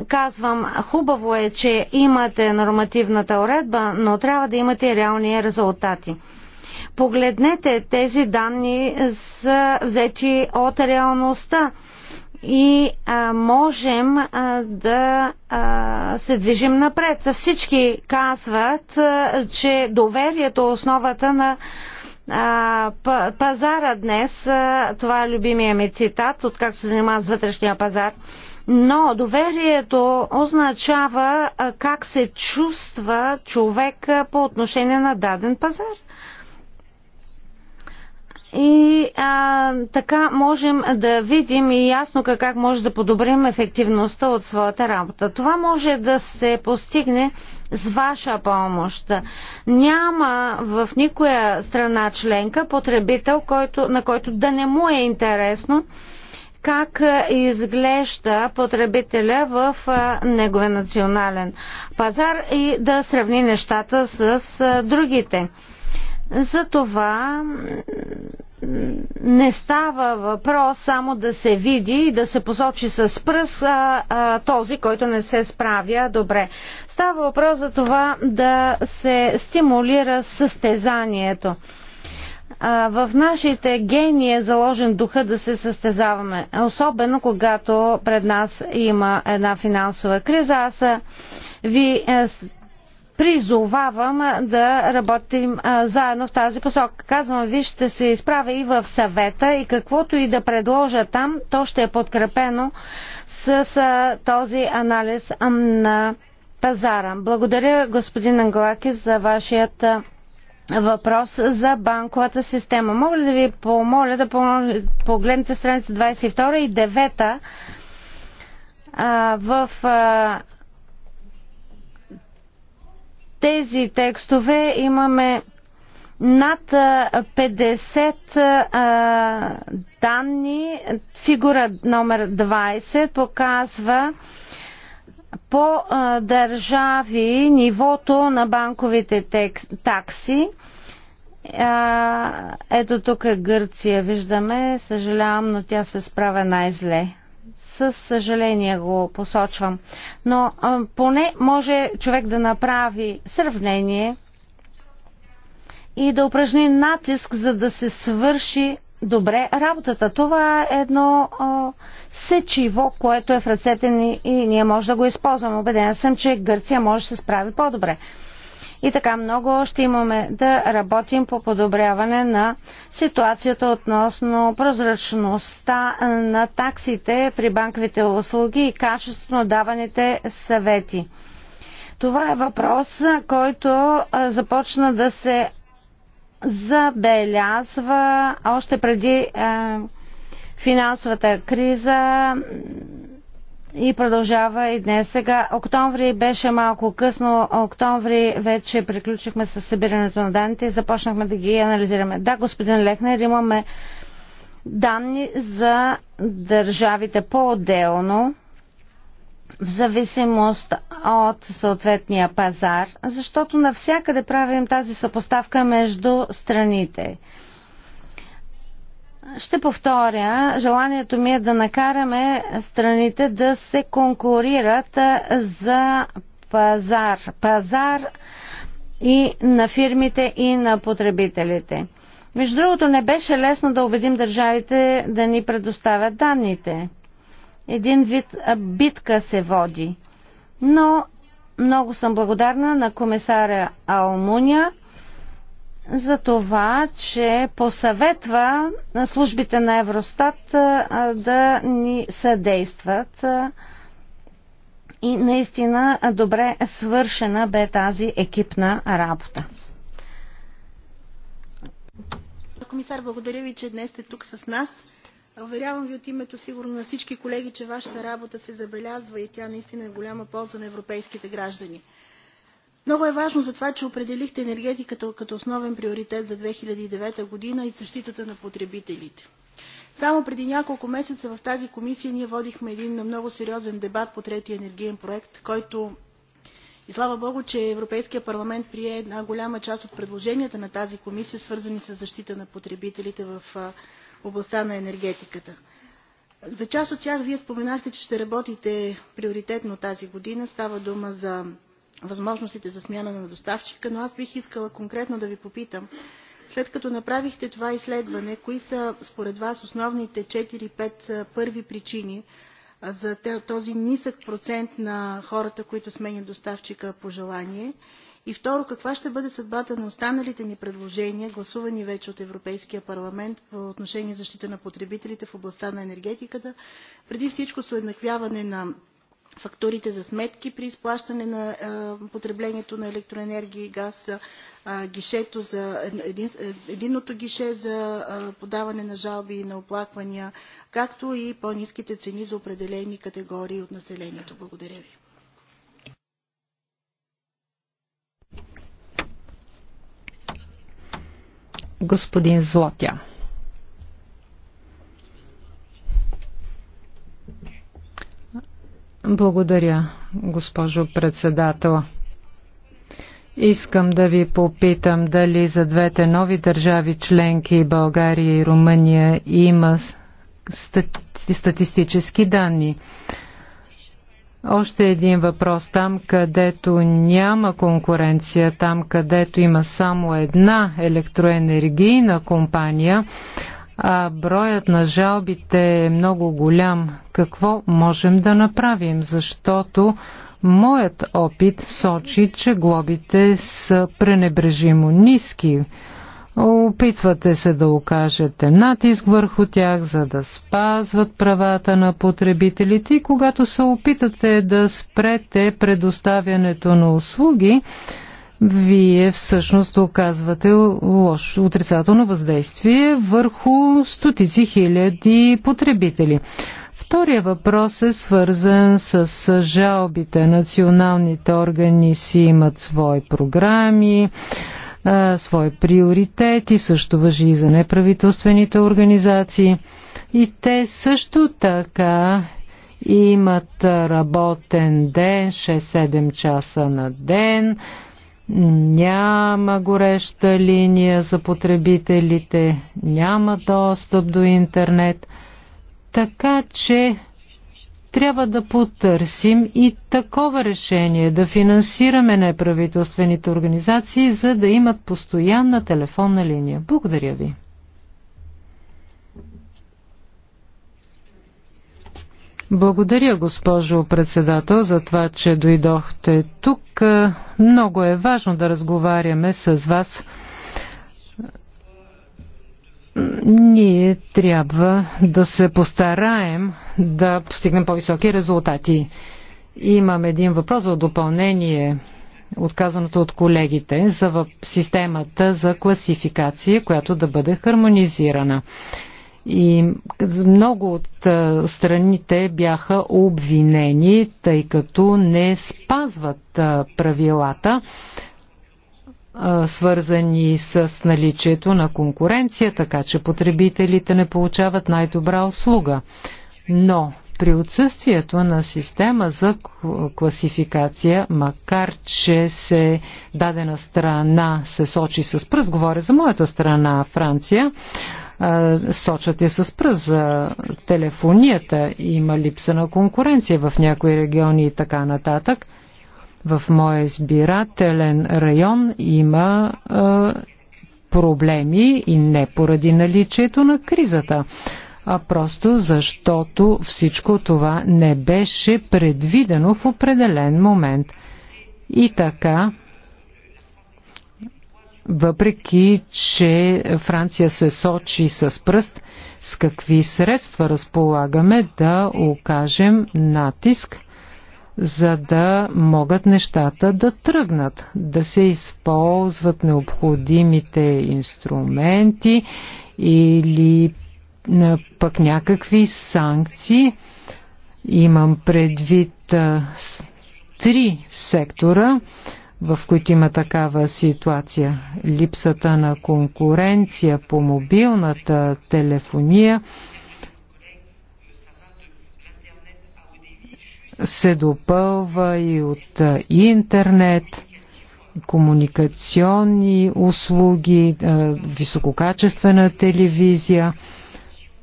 казвам, хубаво е, че имате нормативната уредба, но трябва да имате реални резултати. Погледнете, тези данни са взети от реалността и а, можем а, да а, се движим напред. Всички казват, а, че доверието е основата на пазара днес, това е любимия ми цитат, откакто се занимава с вътрешния пазар, но доверието означава как се чувства човек по отношение на даден пазар. И а, така можем да видим и ясно как, как може да подобрим ефективността от своята работа. Това може да се постигне с ваша помощ. Няма в никоя страна членка потребител, който, на който да не му е интересно как изглежда потребителя в неговия национален пазар и да сравни нещата с другите. За това не става въпрос само да се види и да се посочи с пръст а, а, този, който не се справя добре. Става въпрос за това да се стимулира състезанието. А, в нашите гени е заложен духа да се състезаваме, особено когато пред нас има една финансова криза. Аз ви е, призовавам да работим а, заедно в тази посока. Казвам, ви ще се изправя и в съвета и каквото и да предложа там, то ще е подкрепено с, с този анализ на пазара. Благодаря господин Англаки за вашият въпрос за банковата система. Мога ли да ви помоля да погледнете страница 22 и 9 а, в а, тези текстове имаме над 50 а, данни. Фигура номер 20 показва по а, държави нивото на банковите текс, такси. А, ето тук е Гърция, виждаме. Съжалявам, но тя се справя най-зле. Със съжаление го посочвам. Но а, поне може човек да направи сравнение и да упражни натиск, за да се свърши добре работата. Това е едно а, сечиво, което е в ръцете ни и ние може да го използваме. Обедена съм, че Гърция може да се справи по-добре. И така много още имаме да работим по подобряване на ситуацията относно прозрачността на таксите при банковите услуги и качеството на даваните съвети. Това е въпрос, който започна да се забелязва още преди е, финансовата криза и продължава и днес. Сега, октомври беше малко късно, октомври вече приключихме с събирането на данните и започнахме да ги анализираме. Да, господин Лехнер, имаме данни за държавите по-отделно, в зависимост от съответния пазар, защото навсякъде правим тази съпоставка между страните. Ще повторя, желанието ми е да накараме страните да се конкурират за пазар. Пазар и на фирмите, и на потребителите. Между другото, не беше лесно да убедим държавите да ни предоставят данните. Един вид битка се води. Но много съм благодарна на комисаря Алмуня за това, че посъветва службите на Евростат да ни съдействат. И наистина добре свършена бе тази екипна работа. Комисар, благодаря ви, че днес сте тук с нас. Уверявам ви от името сигурно на всички колеги, че вашата работа се забелязва и тя наистина е голяма полза на европейските граждани. Много е важно за това, че определихте енергетиката като основен приоритет за 2009 година и защитата на потребителите. Само преди няколко месеца в тази комисия ние водихме един много сериозен дебат по третия енергиен проект, който и слава Богу, че Европейския парламент прие една голяма част от предложенията на тази комисия, свързани с защита на потребителите в областта на енергетиката. За част от тях вие споменахте, че ще работите приоритетно тази година. Става дума за възможностите за смяна на доставчика, но аз бих искала конкретно да ви попитам, след като направихте това изследване, кои са според вас основните 4-5 първи причини за този нисък процент на хората, които сменят доставчика по желание? И второ, каква ще бъде съдбата на останалите ни предложения, гласувани вече от Европейския парламент по отношение защита на потребителите в областта на енергетиката, преди всичко с уеднаквяване на фактурите за сметки при изплащане на потреблението на електроенергия и газ, гишето за, един, единното гише за подаване на жалби и на оплаквания, както и по-низките цени за определени категории от населението. Благодаря ви. Господин Злотя. Благодаря, госпожо председател. Искам да ви попитам дали за двете нови държави членки България и Румъния има стати статистически данни. Още един въпрос. Там, където няма конкуренция, там, където има само една електроенергийна компания, а броят на жалбите е много голям. Какво можем да направим? Защото моят опит сочи, че глобите са пренебрежимо ниски. Опитвате се да окажете натиск върху тях, за да спазват правата на потребителите и когато се опитате да спрете предоставянето на услуги, вие всъщност оказвате лошо отрицателно въздействие върху стотици хиляди потребители. Втория въпрос е свързан с жалбите. Националните органи си имат свои програми, свои приоритети, също въжи и за неправителствените организации. И те също така имат работен ден, 6-7 часа на ден, няма гореща линия за потребителите, няма достъп до интернет, така че трябва да потърсим и такова решение да финансираме неправителствените организации, за да имат постоянна телефонна линия. Благодаря ви. Благодаря, госпожо председател, за това, че дойдохте тук тук. Много е важно да разговаряме с вас. Ние трябва да се постараем да постигнем по-високи резултати. Имам един въпрос за допълнение отказаното от колегите за системата за класификация, която да бъде хармонизирана. И много от страните бяха обвинени, тъй като не спазват правилата, свързани с наличието на конкуренция, така че потребителите не получават най-добра услуга. Но при отсъствието на система за класификация, макар че се дадена страна се сочи с пръст, говоря за моята страна Франция, сочат я с пръст за телефонията, има липса на конкуренция в някои региони и така нататък. В моя избирателен район има а, проблеми и не поради наличието на кризата, а просто защото всичко това не беше предвидено в определен момент. И така, въпреки че Франция се сочи с пръст, с какви средства разполагаме да окажем натиск, за да могат нещата да тръгнат, да се използват необходимите инструменти или пък някакви санкции. Имам предвид три сектора в които има такава ситуация. Липсата на конкуренция по мобилната телефония се допълва и от интернет, комуникационни услуги, висококачествена телевизия,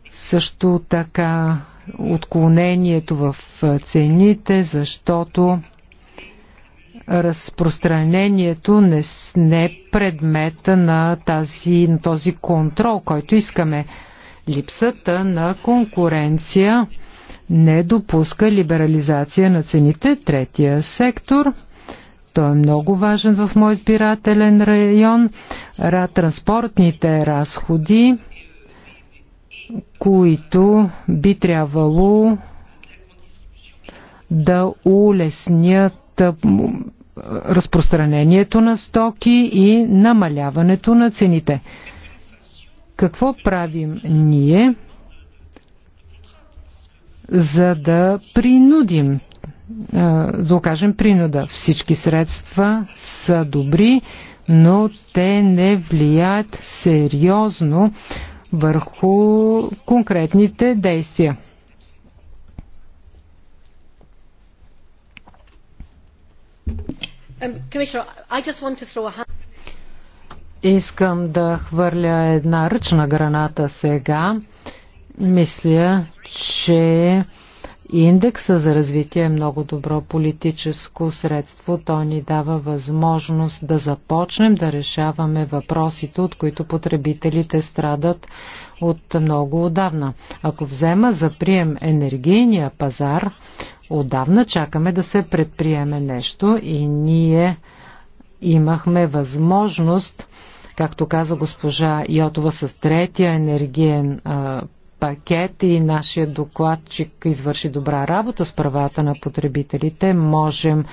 също така отклонението в цените, защото разпространението не, е предмета на, тази, на този контрол, който искаме. Липсата на конкуренция не допуска либерализация на цените. Третия сектор той е много важен в мой избирателен район. Транспортните разходи, които би трябвало да улеснят разпространението на стоки и намаляването на цените. Какво правим ние, за да принудим, да окажем принуда? Всички средства са добри, но те не влияят сериозно върху конкретните действия. Um, Искам да хвърля една ръчна граната сега. Мисля, че Индекса за развитие е много добро политическо средство. То ни дава възможност да започнем да решаваме въпросите, от които потребителите страдат от много отдавна. Ако взема за прием енергийния пазар, отдавна чакаме да се предприеме нещо и ние имахме възможност, както каза госпожа Йотова, с третия енергиен а, пакет и нашия докладчик извърши добра работа с правата на потребителите. Можем,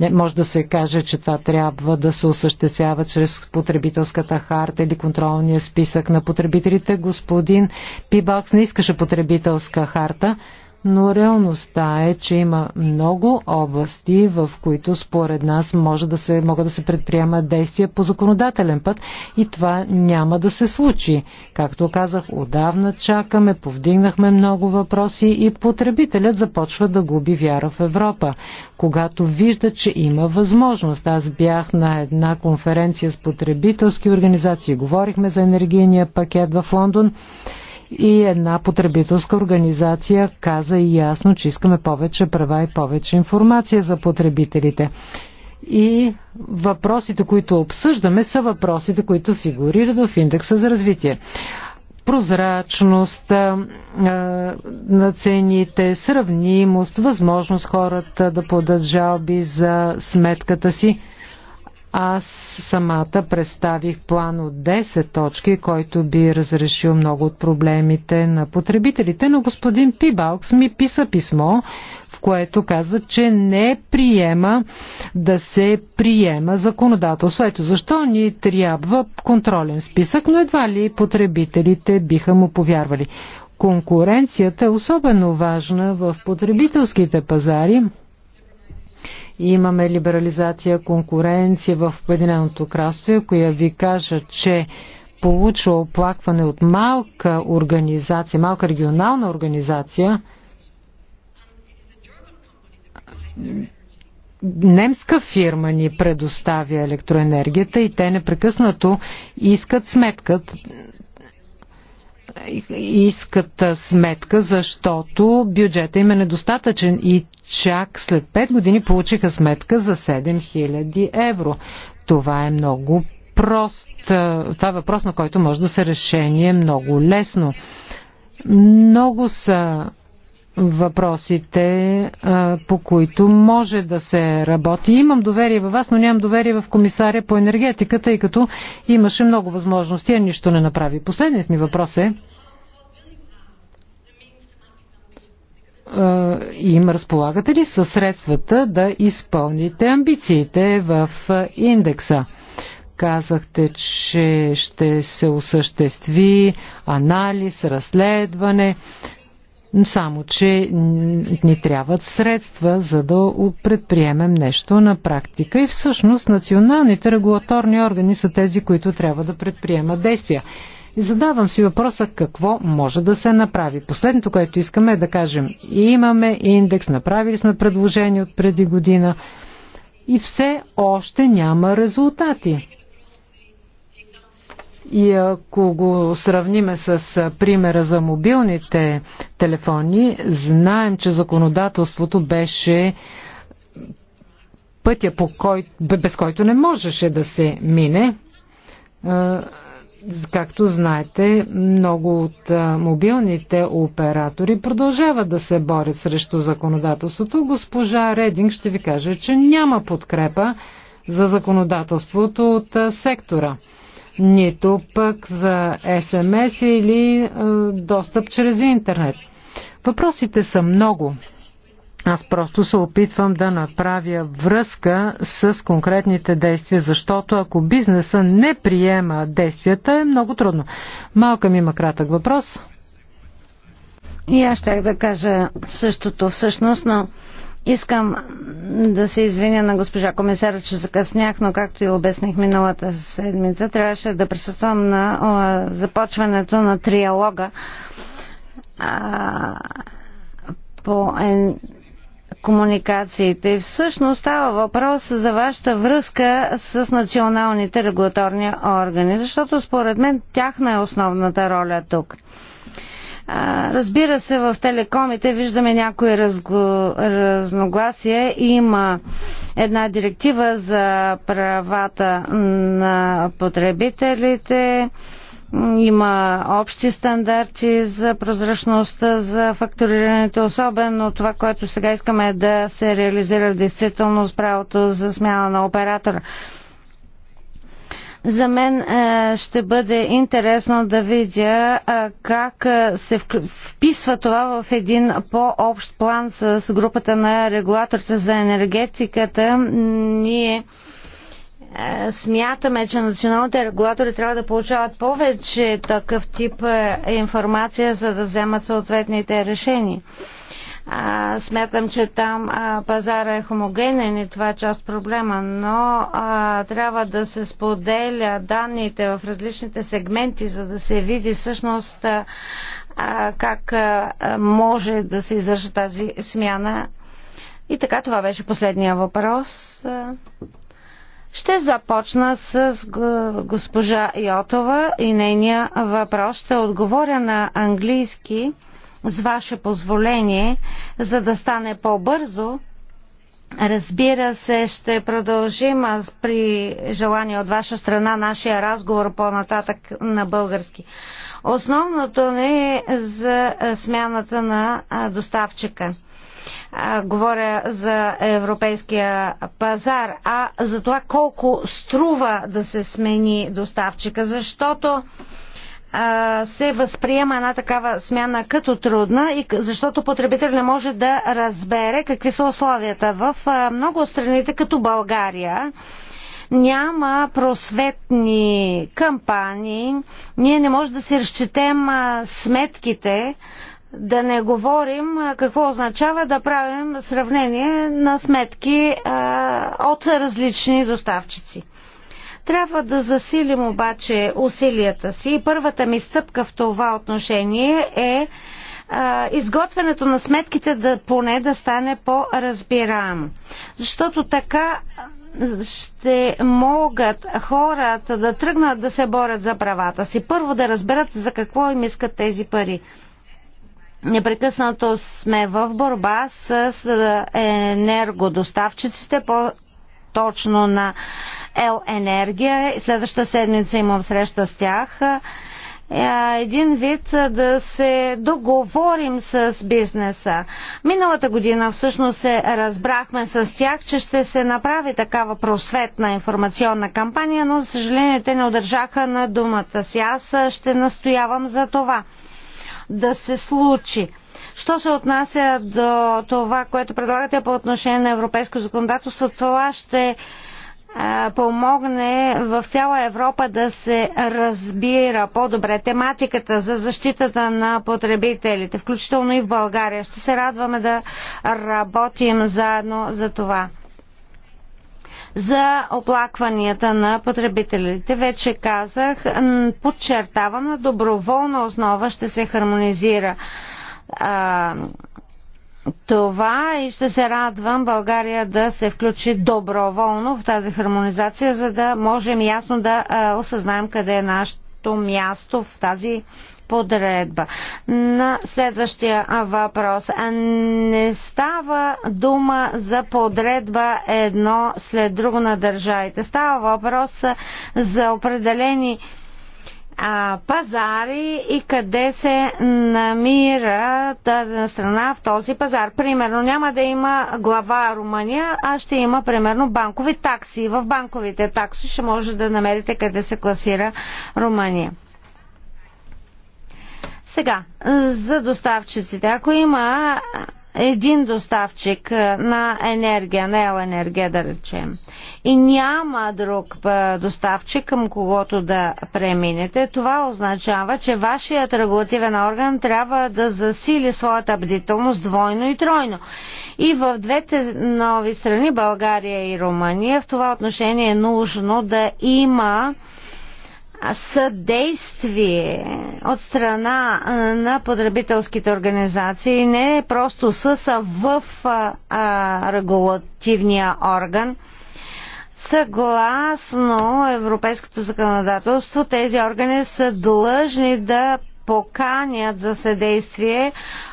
не, може да се каже, че това трябва да се осъществява чрез потребителската харта или контролния списък на потребителите. Господин Пибакс не искаше потребителска харта но реалността е, че има много области, в които според нас може да се, могат да се предприемат действия по законодателен път и това няма да се случи. Както казах, отдавна чакаме, повдигнахме много въпроси и потребителят започва да губи вяра в Европа, когато вижда, че има възможност. Аз бях на една конференция с потребителски организации, говорихме за енергийния пакет в Лондон и една потребителска организация каза и ясно, че искаме повече права и повече информация за потребителите. И въпросите, които обсъждаме, са въпросите, които фигурират в индекса за развитие прозрачност на цените, сравнимост, възможност хората да подат жалби за сметката си. Аз самата представих план от 10 точки, който би разрешил много от проблемите на потребителите, но господин Пибалкс ми писа писмо, в което казва, че не приема да се приема законодателство. Ето защо ни трябва контролен списък, но едва ли потребителите биха му повярвали. Конкуренцията е особено важна в потребителските пазари, Имаме либерализация, конкуренция в Обединеното кралство. Ако я ви кажа, че получа оплакване от малка организация, малка регионална организация, немска фирма ни предоставя електроенергията и те непрекъснато искат сметка искат сметка, защото бюджета им е недостатъчен и чак след 5 години получиха сметка за 7000 евро. Това е много прост, това е въпрос, на който може да се решение много лесно. Много са въпросите, по които може да се работи. Имам доверие във вас, но нямам доверие в комисаря по енергетиката, тъй като имаше много възможности, а нищо не направи. Последният ми въпрос е им разполагате ли със средствата да изпълните амбициите в индекса? Казахте, че ще се осъществи анализ, разследване само, че ни трябват средства, за да предприемем нещо на практика. И всъщност националните регулаторни органи са тези, които трябва да предприемат действия. И задавам си въпроса какво може да се направи. Последното, което искаме е да кажем, имаме индекс, направили сме предложение от преди година и все още няма резултати. И ако го сравниме с примера за мобилните телефони, знаем, че законодателството беше пътя, по кой, без който не можеше да се мине. Както знаете, много от мобилните оператори продължават да се борят срещу законодателството. Госпожа Рединг ще ви каже, че няма подкрепа за законодателството от сектора нито пък за СМС или е, достъп чрез интернет. Въпросите са много. Аз просто се опитвам да направя връзка с конкретните действия, защото ако бизнеса не приема действията, е много трудно. Малка ми има кратък въпрос. И аз щях да кажа същото всъщност, но Искам да се извиня на госпожа комисара, че закъснях, но както и обясних миналата седмица, трябваше да присъствам на започването на триалога а, по ен... комуникациите. Всъщност става въпрос за вашата връзка с националните регулаторни органи, защото според мен тяхна е основната роля тук. Разбира се, в телекомите виждаме някои разгл... разногласия. Има една директива за правата на потребителите. Има общи стандарти за прозрачността, за факторирането, особено това, което сега искаме е да се реализира в действителност правото за смяна на оператора. За мен е, ще бъде интересно да видя е, как е, се вписва това в един по-общ план с групата на регулаторите за енергетиката. Ние смятаме, че националните регулатори трябва да получават повече такъв тип информация, за да вземат съответните решения. А, смятам, че там а, пазара е хомогенен и това е част от проблема, но а, трябва да се споделя данните в различните сегменти, за да се види всъщност а, как а, може да се извърши тази смяна. И така, това беше последния въпрос. Ще започна с госпожа Йотова и нейния въпрос. Ще отговоря на английски с ваше позволение, за да стане по-бързо. Разбира се, ще продължим аз при желание от ваша страна нашия разговор по-нататък на български. Основното не е за смяната на доставчика. Говоря за европейския пазар, а за това колко струва да се смени доставчика, защото се възприема една такава смяна като трудна, и, защото потребител не може да разбере какви са условията. В много страните, като България, няма просветни кампании, ние не можем да си разчетем сметките, да не говорим какво означава да правим сравнение на сметки от различни доставчици. Трябва да засилим обаче усилията си първата ми стъпка в това отношение е а, изготвянето на сметките да, поне да стане по-разбираемо. Защото така ще могат хората да тръгнат да се борят за правата си. Първо да разберат за какво им искат тези пари. Непрекъснато сме в борба с е, енергодоставчиците, точно на Ел Енергия. Следващата седмица имам среща с тях. Е, един вид да се договорим с бизнеса. Миналата година всъщност се разбрахме с тях, че ще се направи такава просветна информационна кампания, но за съжаление те не удържаха на думата си. Аз ще настоявам за това да се случи. Що се отнася до това, което предлагате по отношение на европейско законодателство, това ще е, помогне в цяла Европа да се разбира по-добре тематиката за защитата на потребителите, включително и в България. Ще се радваме да работим заедно за това. За оплакванията на потребителите, вече казах, подчертавам, на доброволна основа ще се хармонизира а, това и ще се радвам България да се включи доброволно в тази хармонизация, за да можем ясно да а, осъзнаем къде е нашето място в тази подредба. На следващия въпрос. Не става дума за подредба едно след друго на държавите. Става въпрос за определени а, пазари и къде се намира дадена страна в този пазар. Примерно няма да има глава Румъния, а ще има примерно банкови такси. В банковите такси ще може да намерите къде се класира Румъния. Сега, за доставчиците. Ако има един доставчик на енергия, на ел енергия да речем. И няма друг доставчик към когото да преминете. Това означава, че вашият регулативен орган трябва да засили своята бдителност двойно и тройно. И в двете нови страни, България и Румъния, в това отношение е нужно да има съдействие от страна на потребителските организации, не е просто с, а в а, регулативния орган. Съгласно европейското законодателство, тези органи са длъжни да поканят за съдействие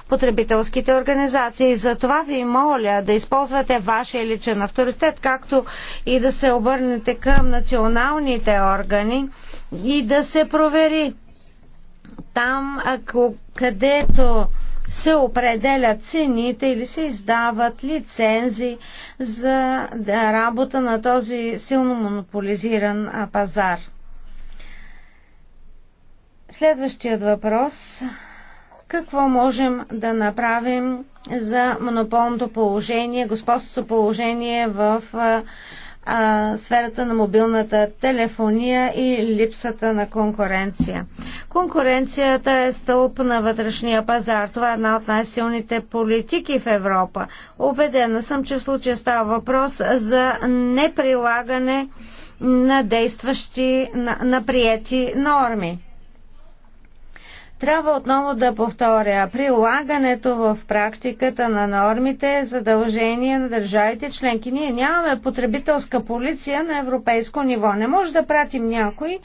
потребителските организации. За това ви моля да използвате вашия личен авторитет, както и да се обърнете към националните органи и да се провери там, ако, където се определят цените или се издават лицензи за да, работа на този силно монополизиран пазар. Следващият въпрос. Какво можем да направим за монополното положение, господството положение в а, а, сферата на мобилната телефония и липсата на конкуренция. Конкуренцията е стълб на вътрешния пазар. Това е една от най-силните политики в Европа. Обедена съм, че в случая става въпрос за неприлагане на действащи, на, на приети норми трябва отново да повторя, прилагането в практиката на нормите е задължение на държавите членки. Ние нямаме потребителска полиция на европейско ниво. Не може да пратим някой, е,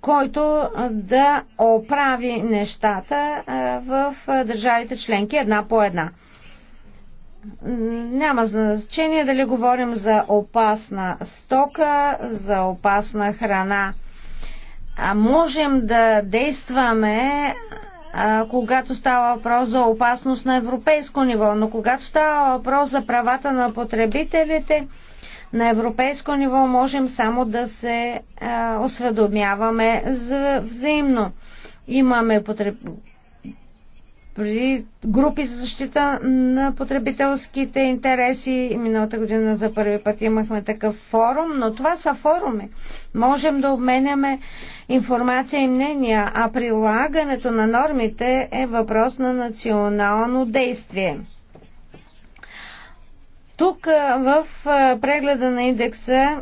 който да оправи нещата е, в държавите членки една по една. Няма значение дали говорим за опасна стока, за опасна храна а можем да действаме а, когато става въпрос за опасност на европейско ниво, но когато става въпрос за правата на потребителите, на европейско ниво можем само да се а, осведомяваме за, взаимно. Имаме потреб при групи за защита на потребителските интереси. Миналата година за първи път имахме такъв форум, но това са форуми. Можем да обменяме информация и мнения, а прилагането на нормите е въпрос на национално действие. Тук в прегледа на индекса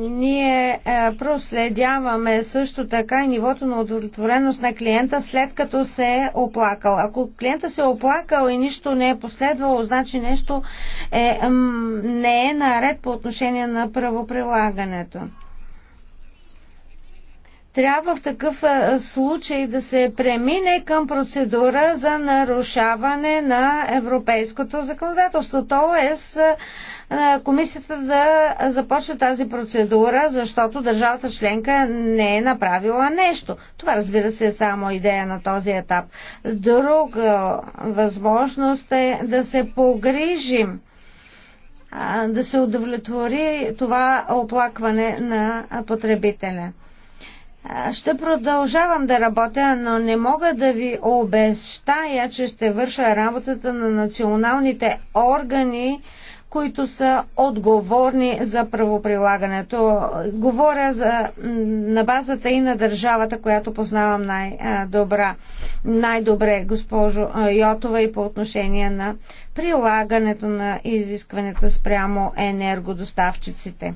ние проследяваме също така и нивото на удовлетвореност на клиента след като се е оплакал. Ако клиента се е оплакал и нищо не е последвало, значи нещо е, не е наред по отношение на правоприлагането трябва в такъв случай да се премине към процедура за нарушаване на европейското законодателство. Тоест, комисията да започне тази процедура, защото държавата членка не е направила нещо. Това разбира се е само идея на този етап. Друга възможност е да се погрижим да се удовлетвори това оплакване на потребителя. Ще продължавам да работя, но не мога да ви обещая, че ще върша работата на националните органи, които са отговорни за правоприлагането. Говоря за, на базата и на държавата, която познавам най-добра, най-добре, госпожо Йотова, и по отношение на прилагането на изискването спрямо енергодоставчиците.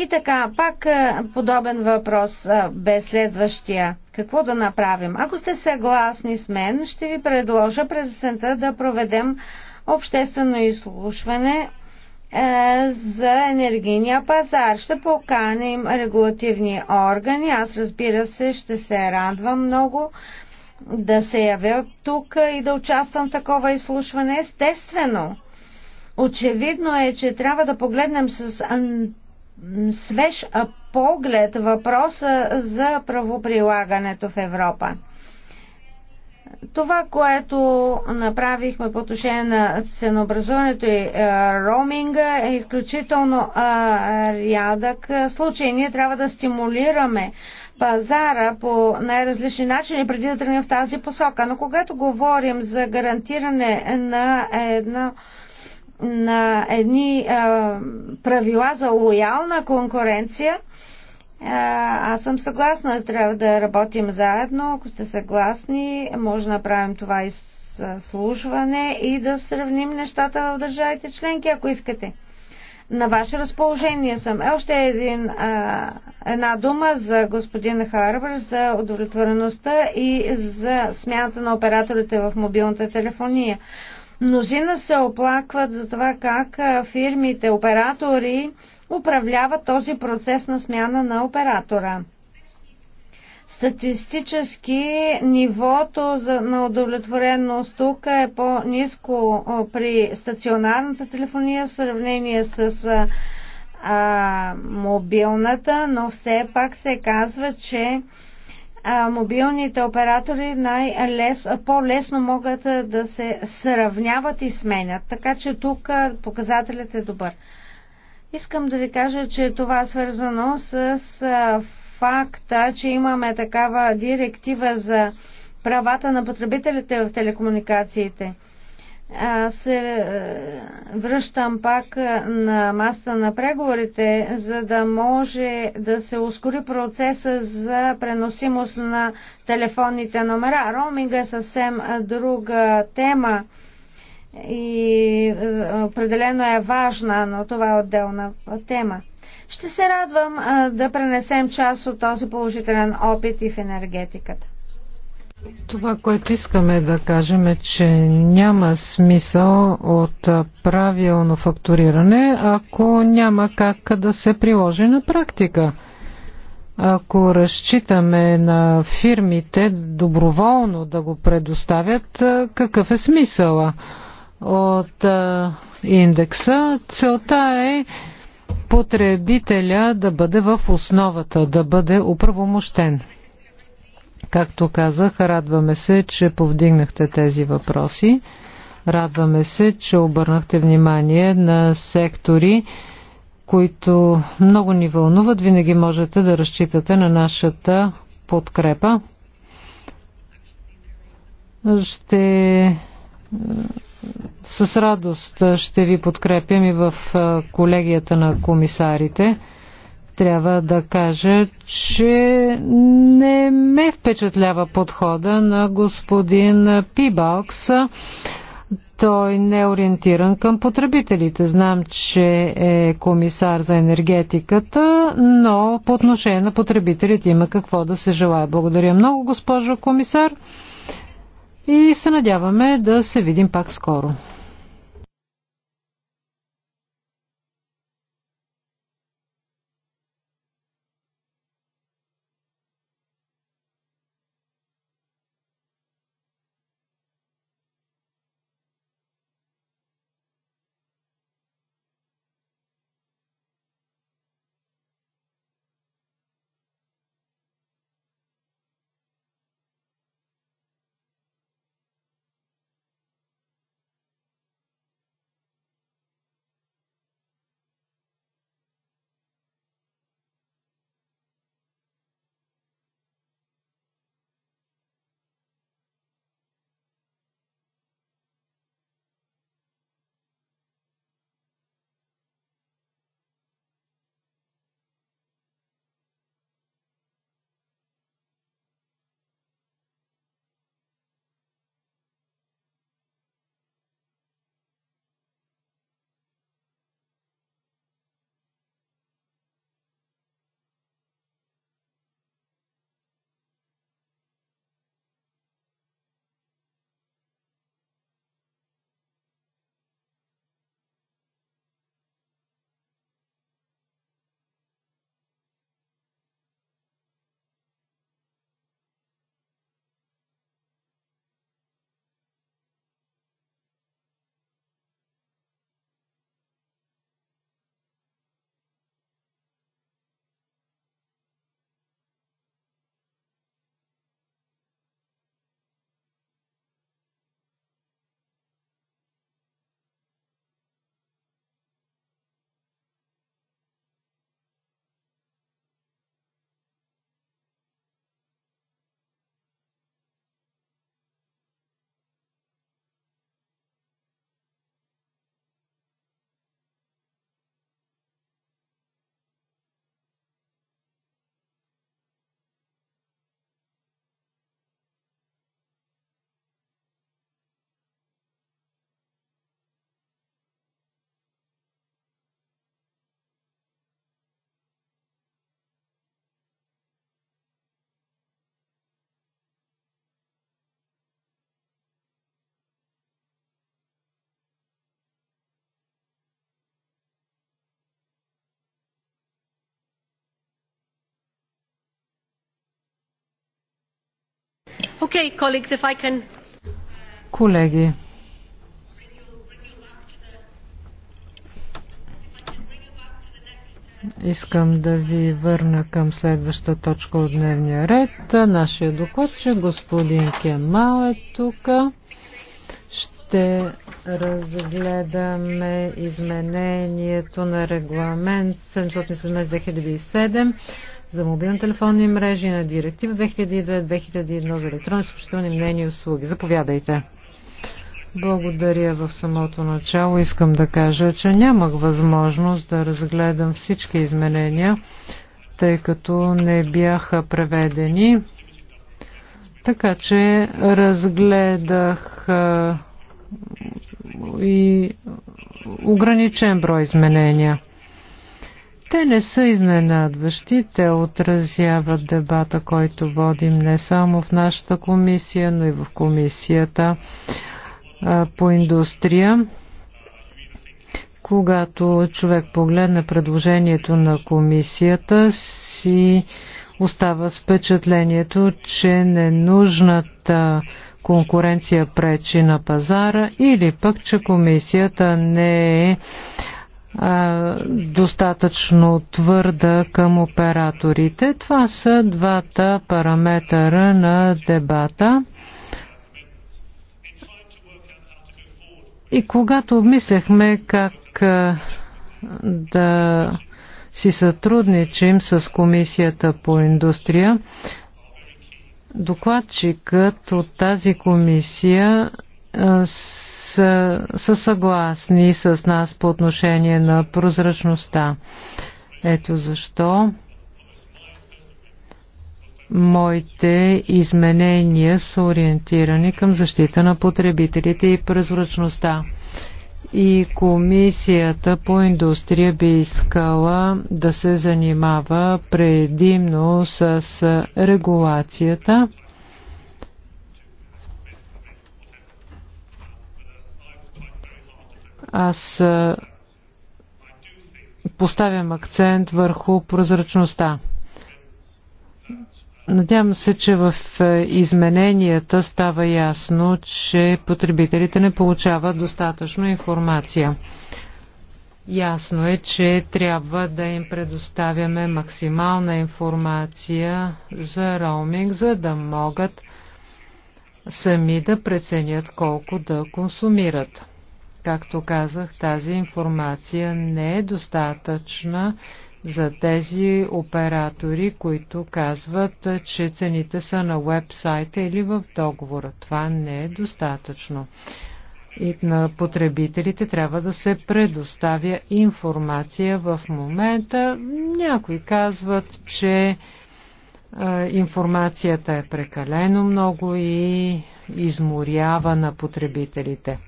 И така, пак е, подобен въпрос е, бе следващия. Какво да направим? Ако сте съгласни с мен, ще ви предложа през есента да проведем обществено изслушване е, за енергийния пазар. Ще поканим регулативни органи. Аз разбира се ще се радвам много да се явя тук и да участвам в такова изслушване. Естествено, очевидно е, че трябва да погледнем с свеж поглед въпроса за правоприлагането в Европа. Това, което направихме по отношение на ценообразуването и е, роуминга е изключително рядък случай. Ние трябва да стимулираме пазара по най-различни начини преди да тръгнем в тази посока. Но когато говорим за гарантиране на едно на едни а, правила за лоялна конкуренция, а, аз съм съгласна, трябва да работим заедно. Ако сте съгласни, може да направим това и служване и да сравним нещата в държавите членки, ако искате. На ваше разположение съм. Е, още един, а, една дума за господин Харбър, за удовлетвореността и за смяната на операторите в мобилната телефония. Мнозина се оплакват за това как фирмите, оператори управляват този процес на смяна на оператора. Статистически нивото за, на удовлетвореност тук е по-низко при стационарната телефония в сравнение с а, мобилната, но все пак се казва, че а, а, мобилните оператори най-лес, по-лесно могат да се сравняват и сменят. Така че тук показателят е добър. Искам да ви кажа, че това е свързано с факта, че имаме такава директива за правата на потребителите в телекомуникациите. Аз се е, връщам пак е, на маста на преговорите, за да може да се ускори процеса за преносимост на телефонните номера. Роуминг е съвсем е, друга тема и определено е важна, но това е отделна тема. Ще се радвам да пренесем част от този положителен опит и в енергетиката. Това, което искаме да кажем е, че няма смисъл от правилно фактуриране, ако няма как да се приложи на практика. Ако разчитаме на фирмите доброволно да го предоставят, какъв е смисъла от индекса? Целта е потребителя да бъде в основата, да бъде управомощен. Както казах, радваме се, че повдигнахте тези въпроси. Радваме се, че обърнахте внимание на сектори, които много ни вълнуват. Винаги можете да разчитате на нашата подкрепа. Ще с радост ще ви подкрепям и в колегията на комисарите трябва да кажа, че не ме впечатлява подхода на господин Пибалкс. Той не е ориентиран към потребителите. Знам, че е комисар за енергетиката, но по отношение на потребителите има какво да се желая. Благодаря много, госпожо комисар. И се надяваме да се видим пак скоро. Колеги, Искам да ви върна към следваща точка от дневния ред. Нашия доклад, че господин Кемал е тук. Ще разгледаме изменението на регламент 717-2007 за мобилни телефонни мрежи на директива 2002 2001 за електронни съобщителни мнения и услуги. Заповядайте. Благодаря в самото начало. Искам да кажа, че нямах възможност да разгледам всички изменения, тъй като не бяха преведени. Така че разгледах и ограничен брой изменения. Те не са изненадващи, те отразяват дебата, който водим не само в нашата комисия, но и в комисията по индустрия. Когато човек погледне предложението на комисията, си остава с впечатлението, че ненужната конкуренция пречи на пазара или пък, че комисията не е достатъчно твърда към операторите. Това са двата параметъра на дебата. И когато обмисляхме как да си сътрудничим с Комисията по индустрия, докладчикът от тази комисия са, са съгласни с нас по отношение на прозрачността. Ето защо моите изменения са ориентирани към защита на потребителите и прозрачността. И комисията по индустрия би искала да се занимава предимно с регулацията Аз поставям акцент върху прозрачността. Надявам се, че в измененията става ясно, че потребителите не получават достатъчно информация. Ясно е, че трябва да им предоставяме максимална информация за роуминг, за да могат сами да преценят колко да консумират. Както казах, тази информация не е достатъчна за тези оператори, които казват, че цените са на вебсайта или в договора. Това не е достатъчно. И на потребителите трябва да се предоставя информация в момента. Някои казват, че информацията е прекалено много и изморява на потребителите.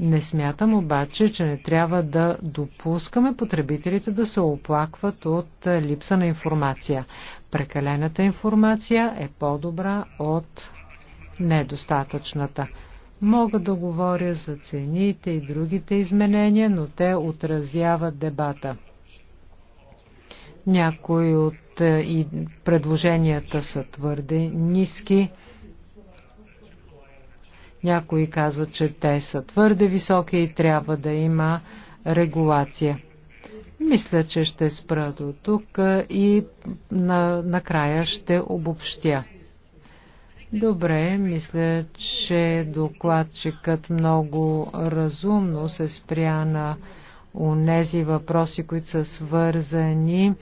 Не смятам обаче, че не трябва да допускаме потребителите да се оплакват от е, липса на информация. Прекалената информация е по-добра от недостатъчната. Мога да говоря за цените и другите изменения, но те отразяват дебата. Някои от е, предложенията са твърде ниски някои казват, че те са твърде високи и трябва да има регулация. Мисля, че ще спра до тук и на, накрая ще обобщя. Добре, мисля, че докладчикът много разумно се спря на онези въпроси, които са свързани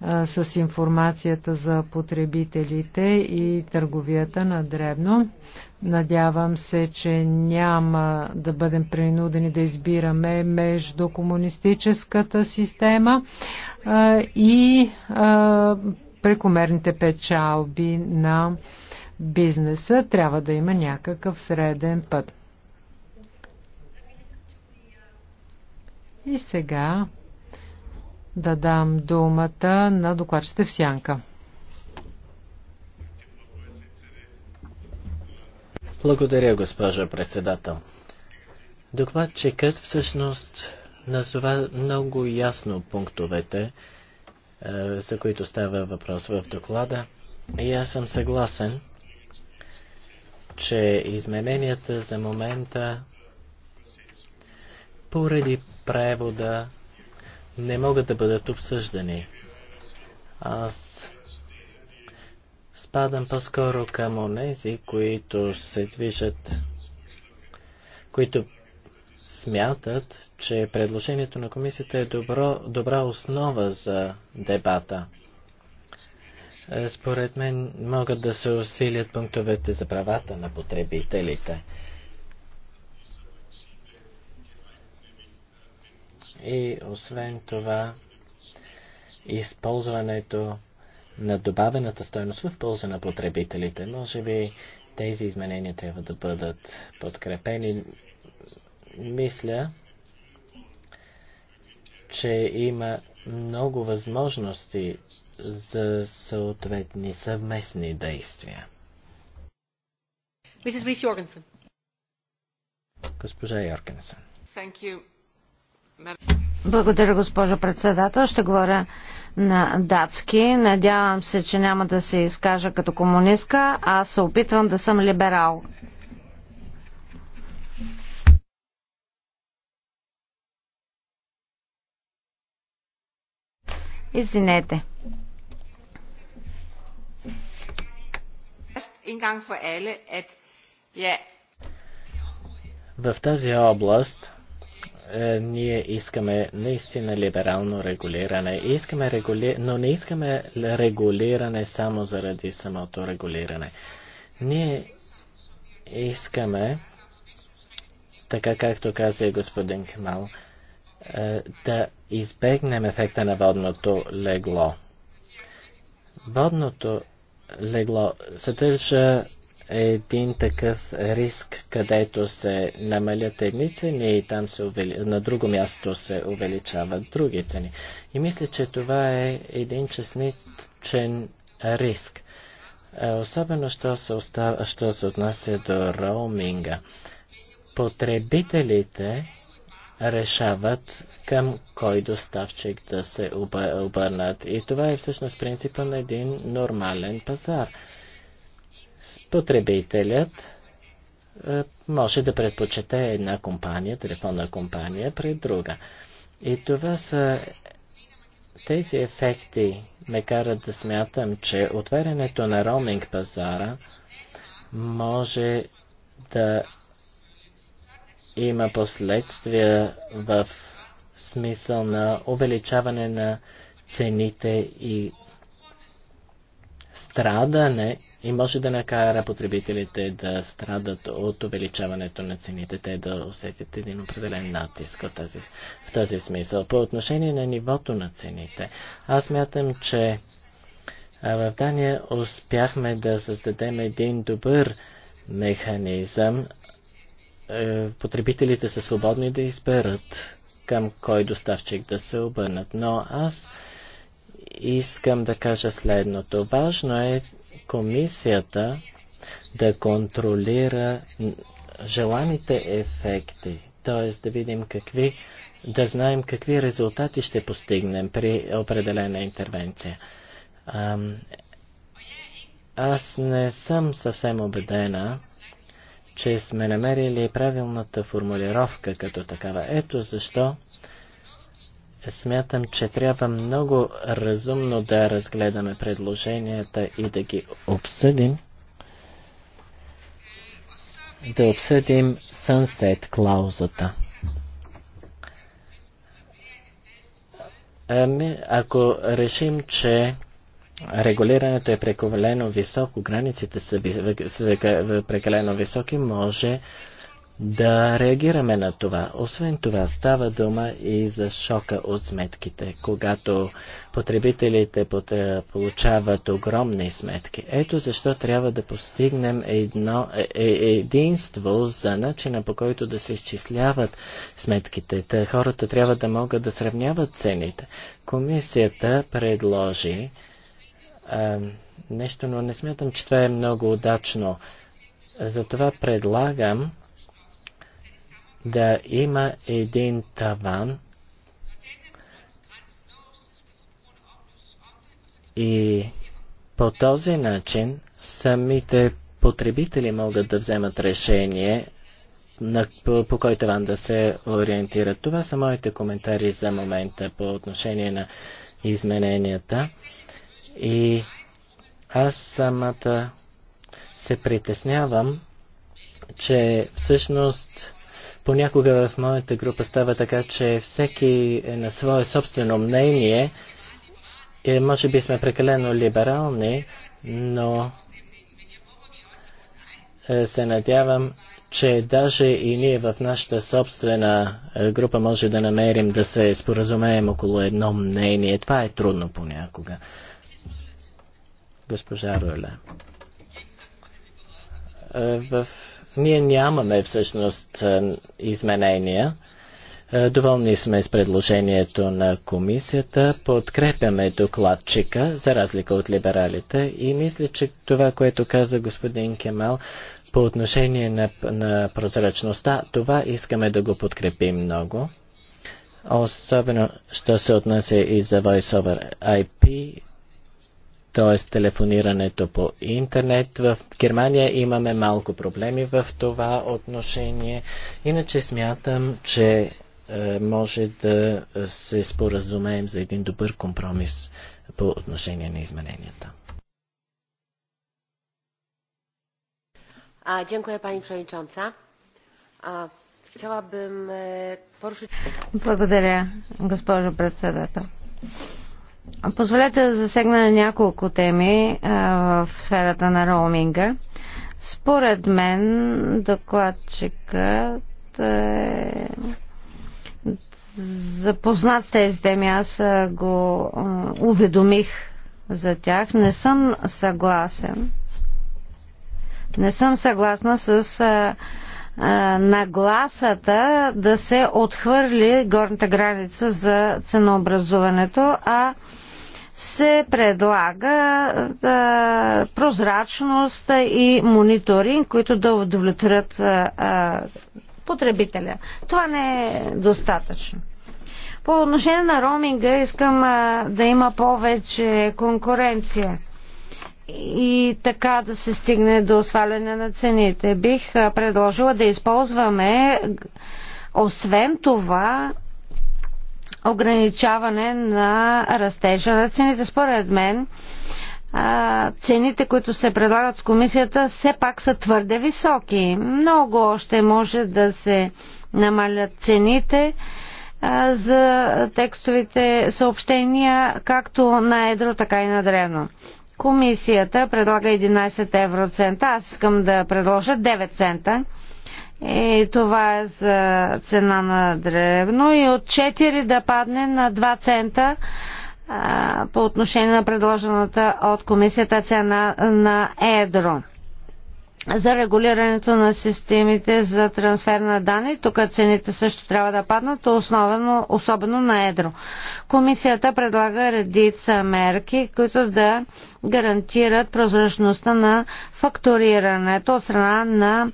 а, с информацията за потребителите и търговията на дребно. Надявам се, че няма да бъдем принудени да избираме между комунистическата система а, и а, прекомерните печалби на бизнеса. Трябва да има някакъв среден път. И сега да дам думата на докладчите в Сянка. Благодаря, госпожо председател. Докладчикът всъщност назова много ясно пунктовете, е, за които става въпрос в доклада. И аз съм съгласен, че измененията за момента поради превода не могат да бъдат обсъждани. Аз спадам по-скоро към онези, които се движат, които смятат, че предложението на комисията е добро, добра основа за дебата. Е, според мен могат да се усилят пунктовете за правата на потребителите. И освен това, използването на добавената стойност в полза на потребителите. Може би тези изменения трябва да бъдат подкрепени. Мисля, че има много възможности за съответни съвместни действия. Госпожа Йоргенсън. Благодаря, госпожо председател. Ще говоря на датски. Надявам се, че няма да се изкажа като комунистка. Аз се опитвам да съм либерал. Извинете. В тази област е, ние искаме наистина либерално регулиране. Искаме регули... Но не искаме регулиране само заради самото регулиране. Ние искаме, така както каза и господин Хмал, е, да избегнем ефекта на водното легло. Водното легло съдържа един такъв риск, където се намалят едни цени и там се увели... на друго място се увеличават други цени. И мисля, че това е един честничен риск. Е, особено, що се, остава, що се отнася до роуминга. Потребителите решават към кой доставчик да се обърнат. И това е всъщност принципа на един нормален пазар – потребителят е, може да предпочете една компания, телефонна компания пред друга. И това са тези ефекти ме карат да смятам, че отварянето на роуминг пазара може да има последствия в смисъл на увеличаване на цените и страдане и може да накара потребителите да страдат от увеличаването на цените, те да усетят един определен натиск в този, в този смисъл. По отношение на нивото на цените, аз мятам, че в Дания успяхме да създадем един добър механизъм. Е, потребителите са свободни да изберат към кой доставчик да се обърнат, но аз искам да кажа следното. Важно е комисията да контролира желаните ефекти, т.е. да видим какви, да знаем какви резултати ще постигнем при определена интервенция. Аз не съм съвсем убедена, че сме намерили правилната формулировка като такава. Ето защо смятам, че трябва много разумно да разгледаме предложенията и да ги обсъдим. Да обсъдим Sunset клаузата. Ами, ако решим, че регулирането е прекалено високо, границите са прекалено високи, може да реагираме на това. Освен това, става дума и за шока от сметките, когато потребителите е, получават огромни сметки. Ето защо трябва да постигнем едно, е, е, единство за начина по който да се изчисляват сметките. Та хората трябва да могат да сравняват цените. Комисията предложи а, нещо, но не смятам, че това е много удачно. Затова предлагам да има един таван и по този начин самите потребители могат да вземат решение на, по, по кой таван да се ориентират. Това са моите коментари за момента по отношение на измененията. И аз самата се притеснявам, че всъщност Понякога в моята група става така, че всеки е на свое собствено мнение и е, може би сме прекалено либерални, но е, се надявам, че даже и ние в нашата собствена е, група може да намерим да се споразумеем около едно мнение. Това е трудно понякога. Госпожа Роля. В ние нямаме всъщност е, изменения. Е, доволни сме с предложението на комисията, подкрепяме докладчика, за разлика от либералите, и мисля, че това, което каза господин Кемал по отношение на, на прозрачността, това искаме да го подкрепим много. Особено, що се отнася и за VoiceOver IP, т.е. телефонирането по интернет. В Германия имаме малко проблеми в това отношение. Иначе смятам, че е, може да се споразумеем за един добър компромис по отношение на измененията. Е, Благодаря, госпожо председател. Позволете да засегна няколко теми а, в сферата на роуминга. Според мен докладчикът е запознат с тези теми. Аз го уведомих за тях. Не съм съгласен. Не съм съгласна с а, а, нагласата да се отхвърли горната граница за ценообразуването, а се предлага да, прозрачност и мониторинг, които да удовлетворят потребителя. Това не е достатъчно. По отношение на роуминга искам а, да има повече конкуренция и така да се стигне до сваляне на цените. Бих предложила да използваме освен това ограничаване на растежа на цените. Според мен, цените, които се предлагат от комисията, все пак са твърде високи. Много още може да се намалят цените за текстовите съобщения, както на едро, така и на древно. Комисията предлага 11 евроцента, аз искам да предложа 9 цента. И това е за цена на древно и от 4 да падне на 2 цента а, по отношение на предложената от комисията цена на едро. За регулирането на системите за трансфер на данни, тук цените също трябва да паднат, основено, особено на едро. Комисията предлага редица мерки, които да гарантират прозрачността на фактурирането от страна на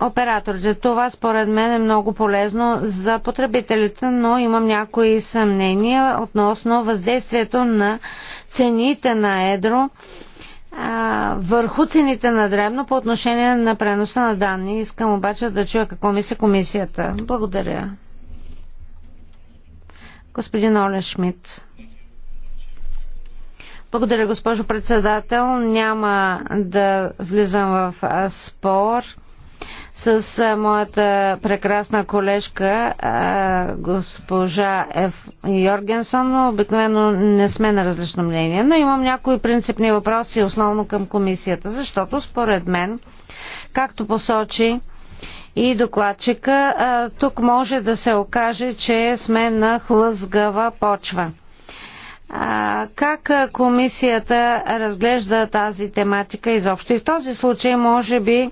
операторите. Това според мен е много полезно за потребителите, но имам някои съмнения относно въздействието на цените на едро върху цените на дребно по отношение на преноса на данни. Искам обаче да чуя какво мисли комисията. Благодаря. Господин Оле Шмидт. Благодаря, госпожо председател. Няма да влизам в спор с моята прекрасна колежка госпожа Еф Йоргенсон. Обикновено не сме на различно мнение, но имам някои принципни въпроси, основно към комисията, защото според мен, както посочи и докладчика, тук може да се окаже, че сме на хлъзгава почва. Как комисията разглежда тази тематика изобщо? И в този случай, може би,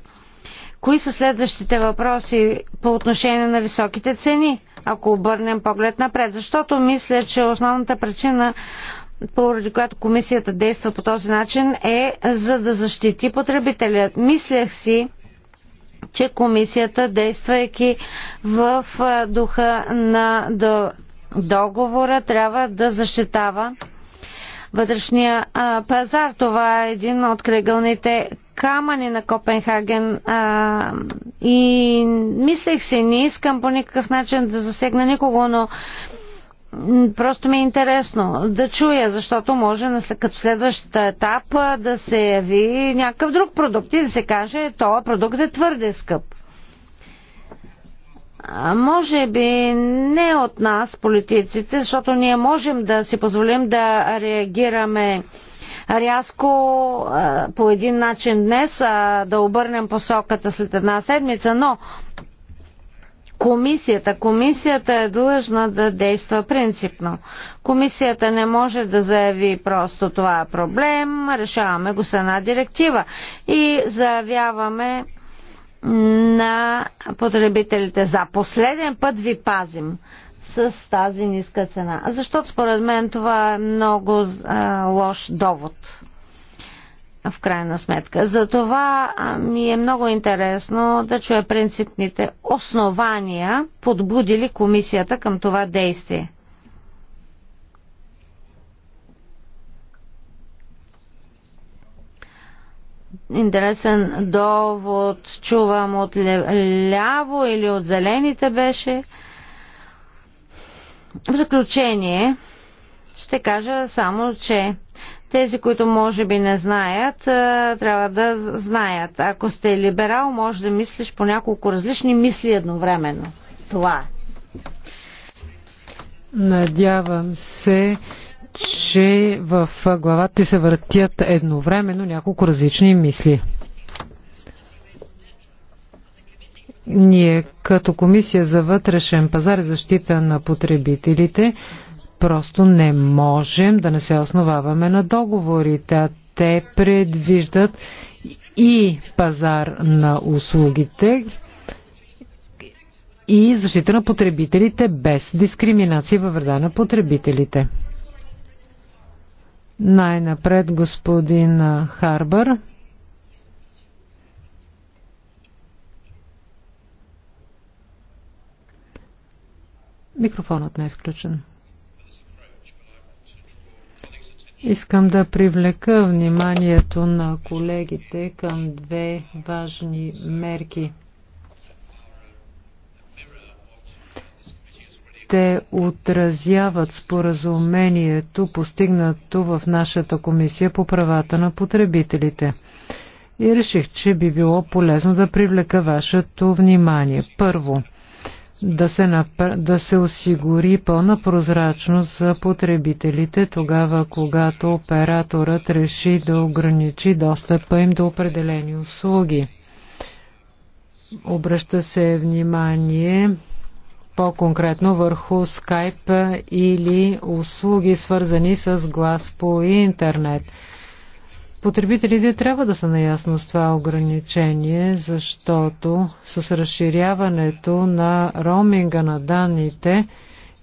Кои са следващите въпроси по отношение на високите цени, ако обърнем поглед напред? Защото мисля, че основната причина поради която комисията действа по този начин е за да защити потребителят. Мислех си, че комисията, действайки в духа на договора, трябва да защитава вътрешния пазар. Това е един от кръгълните камъни на Копенхаген а, и мислех си, не искам по никакъв начин да засегна никого, но просто ми е интересно да чуя, защото може като следващ етап да се яви някакъв друг продукт и да се каже, този продукт е твърде скъп. А може би не от нас, политиците, защото ние можем да си позволим да реагираме рязко по един начин днес, а да обърнем посоката след една седмица, но комисията. Комисията е длъжна да действа принципно. Комисията не може да заяви просто това е проблем, решаваме го с една директива и заявяваме на потребителите за последен път ви пазим с тази ниска цена. Защото според мен това е много а, лош довод в крайна сметка. Затова ми е много интересно да чуя принципните основания, подбудили комисията към това действие. Интересен довод чувам от ляво или от зелените беше. В заключение ще кажа само, че тези, които може би не знаят, трябва да знаят. Ако сте либерал, може да мислиш по няколко различни мисли едновременно. Това е. Надявам се, че в главата ти се въртят едновременно няколко различни мисли. Ние като Комисия за вътрешен пазар и защита на потребителите просто не можем да не се основаваме на договорите. Те предвиждат и пазар на услугите, и защита на потребителите без дискриминация във вреда на потребителите. Най-напред господин Харбър. Микрофонът не е включен. Искам да привлека вниманието на колегите към две важни мерки. Те отразяват споразумението, постигнато в нашата комисия по правата на потребителите. И реших, че би било полезно да привлека вашето внимание. Първо, да се, напр... да се осигури пълна прозрачност за потребителите тогава, когато операторът реши да ограничи достъпа им до определени услуги. Обръща се внимание по-конкретно върху Skype или услуги свързани с глас по интернет. Потребителите трябва да са наясно с това ограничение, защото с разширяването на роуминга на данните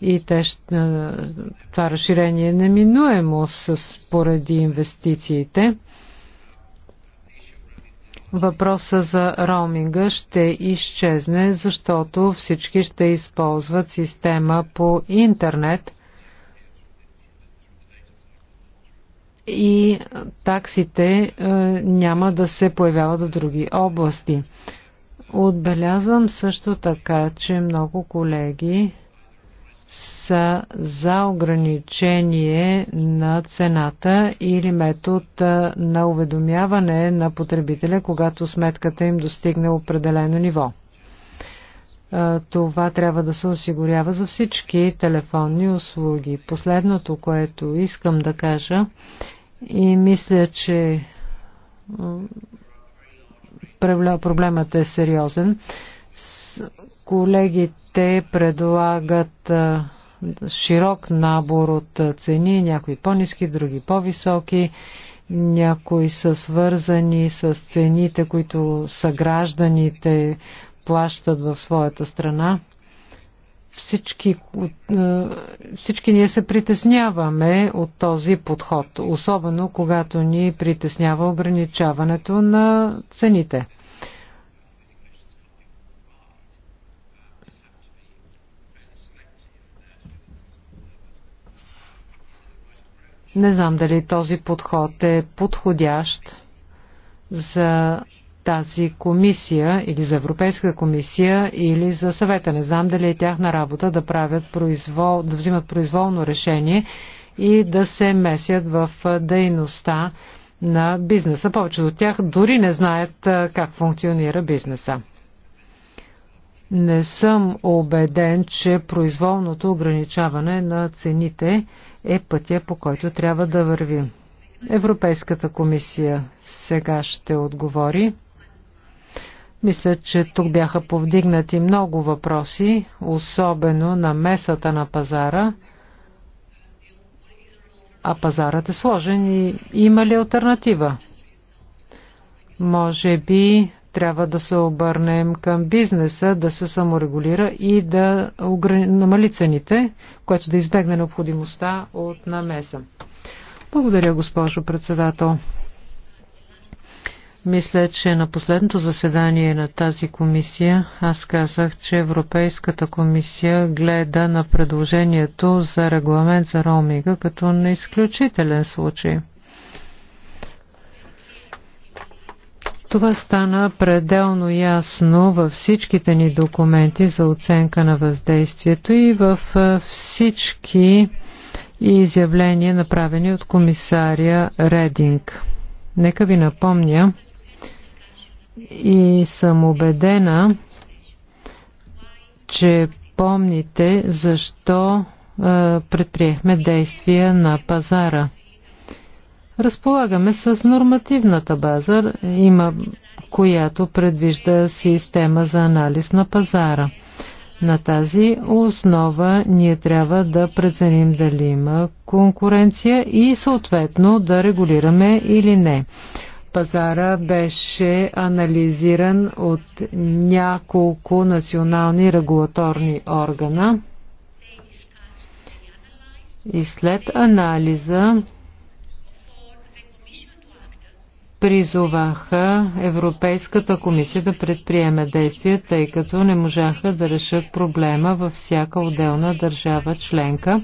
и те, това разширение е неминуемо с, поради инвестициите. Въпроса за роуминга ще изчезне, защото всички ще използват система по интернет – и таксите е, няма да се появяват в други области. Отбелязвам също така, че много колеги са за ограничение на цената или метод е, на уведомяване на потребителя, когато сметката им достигне определено ниво. Е, това трябва да се осигурява за всички телефонни услуги. Последното, което искам да кажа, и мисля, че проблемът е сериозен. Колегите предлагат широк набор от цени, някои по-низки, други по-високи, някои са свързани с цените, които съгражданите плащат в своята страна. Всички, е, всички ние се притесняваме от този подход, особено когато ни притеснява ограничаването на цените. Не знам дали този подход е подходящ за тази комисия или за Европейска комисия или за съвета. Не знам дали е тяхна работа да правят произвол, да взимат произволно решение и да се месят в дейността на бизнеса. Повечето от тях дори не знаят как функционира бизнеса. Не съм убеден, че произволното ограничаване на цените е пътя, по който трябва да вървим. Европейската комисия сега ще отговори. Мисля, че тук бяха повдигнати много въпроси, особено на месата на пазара. А пазарът е сложен и има ли альтернатива? Може би трябва да се обърнем към бизнеса, да се саморегулира и да намали цените, което да избегне необходимостта от намеса. Благодаря, госпожо председател. Мисля, че на последното заседание на тази комисия аз казах, че Европейската комисия гледа на предложението за регламент за ромига като на изключителен случай. Това стана пределно ясно във всичките ни документи за оценка на въздействието и в всички изявления, направени от комисаря Рединг. Нека ви напомня, и съм убедена, че помните защо предприехме действия на пазара. Разполагаме с нормативната база, има, която предвижда система за анализ на пазара. На тази основа ние трябва да преценим дали има конкуренция и съответно да регулираме или не пазара беше анализиран от няколко национални регулаторни органа. И след анализа призоваха Европейската комисия да предприеме действия, тъй като не можаха да решат проблема във всяка отделна държава членка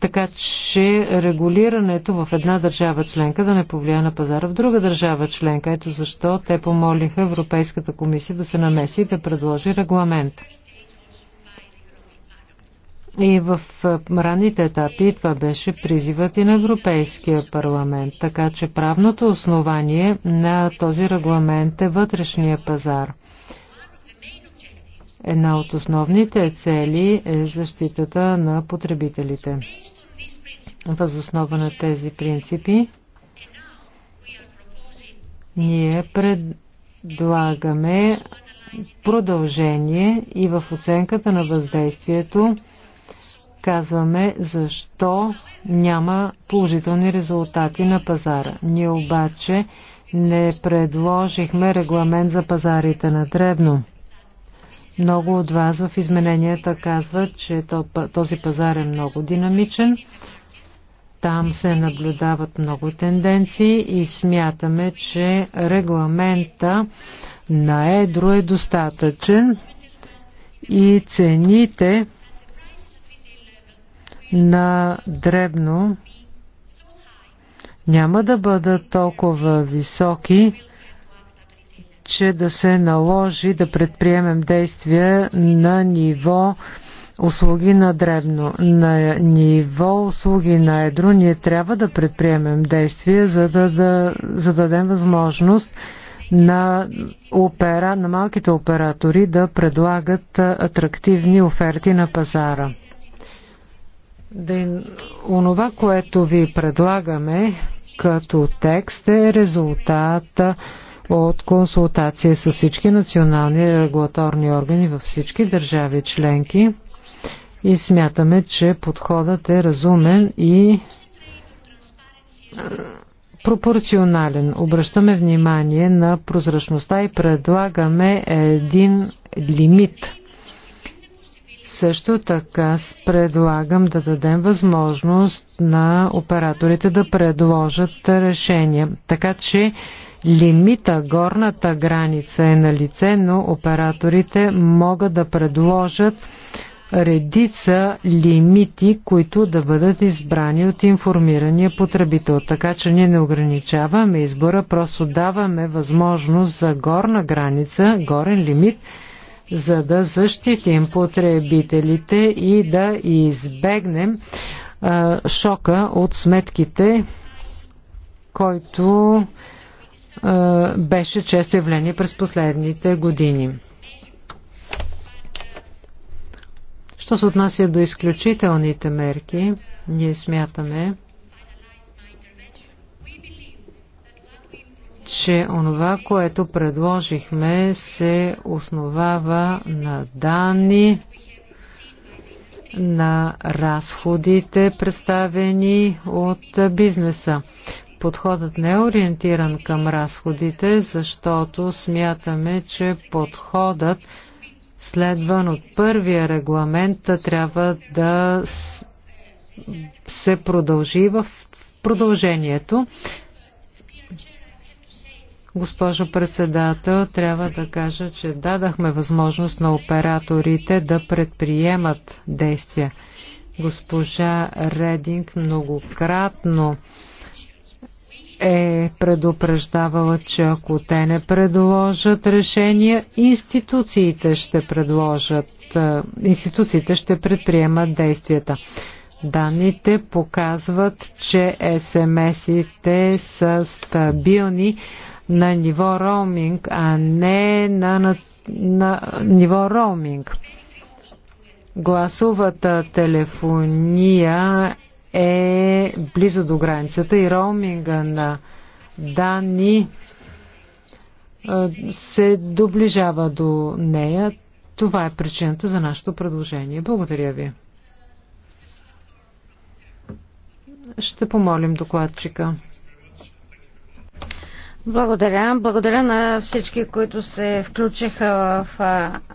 така че регулирането в една държава членка да не повлия на пазара в друга държава членка. Ето защо те помолиха Европейската комисия да се намеси и да предложи регламент. И в ранните етапи това беше призивът и на Европейския парламент, така че правното основание на този регламент е вътрешния пазар – Една от основните цели е защитата на потребителите. Възоснова на тези принципи ние предлагаме продължение и в оценката на въздействието казваме защо няма положителни резултати на пазара. Ние обаче не предложихме регламент за пазарите на дребно. Много от вас в измененията казват, че този пазар е много динамичен. Там се наблюдават много тенденции и смятаме, че регламента на едро е достатъчен и цените на дребно няма да бъдат толкова високи, че да се наложи да предприемем действия на ниво услуги на дребно. На ниво услуги на едро ние трябва да предприемем действия, за да, да зададем възможност на, опера, на малките оператори да предлагат атрактивни оферти на пазара. Да, онова, което ви предлагаме като текст е резултата от консултация с всички национални регулаторни органи във всички държави членки и смятаме, че подходът е разумен и е, пропорционален. Обръщаме внимание на прозрачността и предлагаме един лимит. Също така предлагам да дадем възможност на операторите да предложат решения. Така че лимита, горната граница е на лице, но операторите могат да предложат редица лимити, които да бъдат избрани от информирания потребител. Така че ние не ограничаваме избора, просто даваме възможност за горна граница, горен лимит, за да защитим потребителите и да избегнем а, шока от сметките, който беше често явление през последните години. Що се отнася до изключителните мерки, ние смятаме, че онова, което предложихме, се основава на данни, на разходите, представени от бизнеса. Подходът не е ориентиран към разходите, защото смятаме, че подходът следван от първия регламент трябва да се продължи в продължението. Госпожо председател, трябва да кажа, че дадахме възможност на операторите да предприемат действия. Госпожа Рединг многократно е предупреждавала, че ако те не предложат решения, институциите ще предложат, е, институциите ще предприемат действията. Данните показват, че СМС-ите са стабилни на ниво роуминг, а не на, на, на ниво роуминг. Гласовата телефония е близо до границата и роуминга на данни се доближава до нея. Това е причината за нашето предложение. Благодаря ви. Ще помолим докладчика. Благодаря. Благодаря на всички, които се включиха в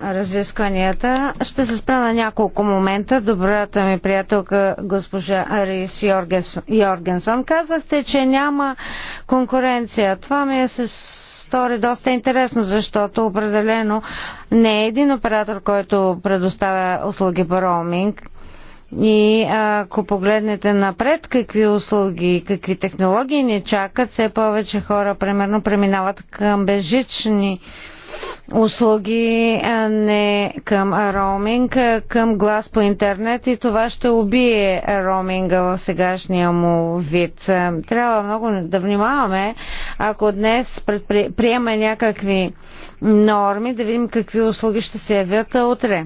разискванията. Ще се спра на няколко момента. Добрата ми приятелка госпожа Арис Йоргенсон. Казахте, че няма конкуренция. Това ми е се стори доста интересно, защото определено не е един оператор, който предоставя услуги по роуминг и ако погледнете напред какви услуги, какви технологии ни чакат, все повече хора, примерно, преминават към безжични услуги, а не към роуминг, към глас по интернет и това ще убие роуминга в сегашния му вид. Трябва много да внимаваме, ако днес предприема някакви норми, да видим какви услуги ще се явят утре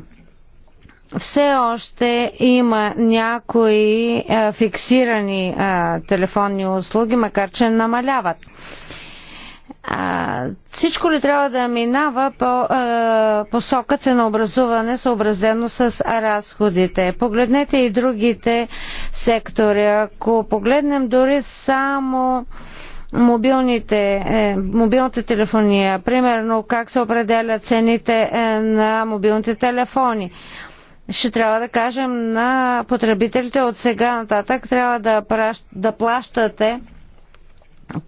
все още има някои е, фиксирани е, телефонни услуги, макар че намаляват. А, всичко ли трябва да минава по а, е, посока ценообразуване, съобразено с разходите? Погледнете и другите сектори. Ако погледнем дори само мобилните, е, мобилната телефония, примерно как се определят цените е, на мобилните телефони ще трябва да кажем на потребителите от сега нататък трябва да, пращ, да плащате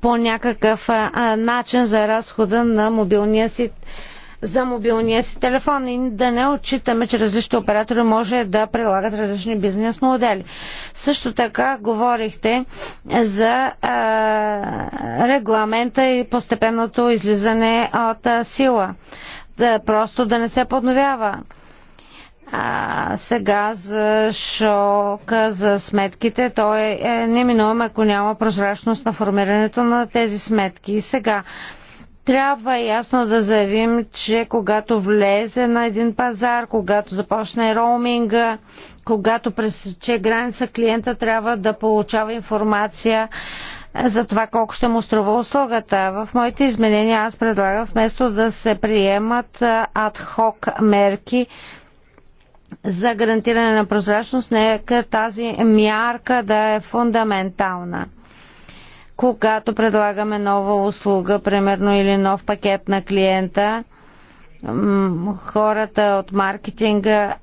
по някакъв а, начин за разхода на мобилния си за мобилния си телефон и да не отчитаме, че различни оператори може да прилагат различни бизнес модели. Също така говорихте за а, регламента и постепенното излизане от а, сила. Да, просто да не се подновява а, сега за шока, за сметките, той е, е неминуем, ако няма прозрачност на формирането на тези сметки. И сега трябва ясно да заявим, че когато влезе на един пазар, когато започне роуминга, когато пресече граница, клиента трябва да получава информация за това колко ще му струва услугата. В моите изменения аз предлагам вместо да се приемат адхок мерки, за гарантиране на прозрачност, нека тази мярка да е фундаментална. Когато предлагаме нова услуга, примерно, или нов пакет на клиента, хората от маркетинга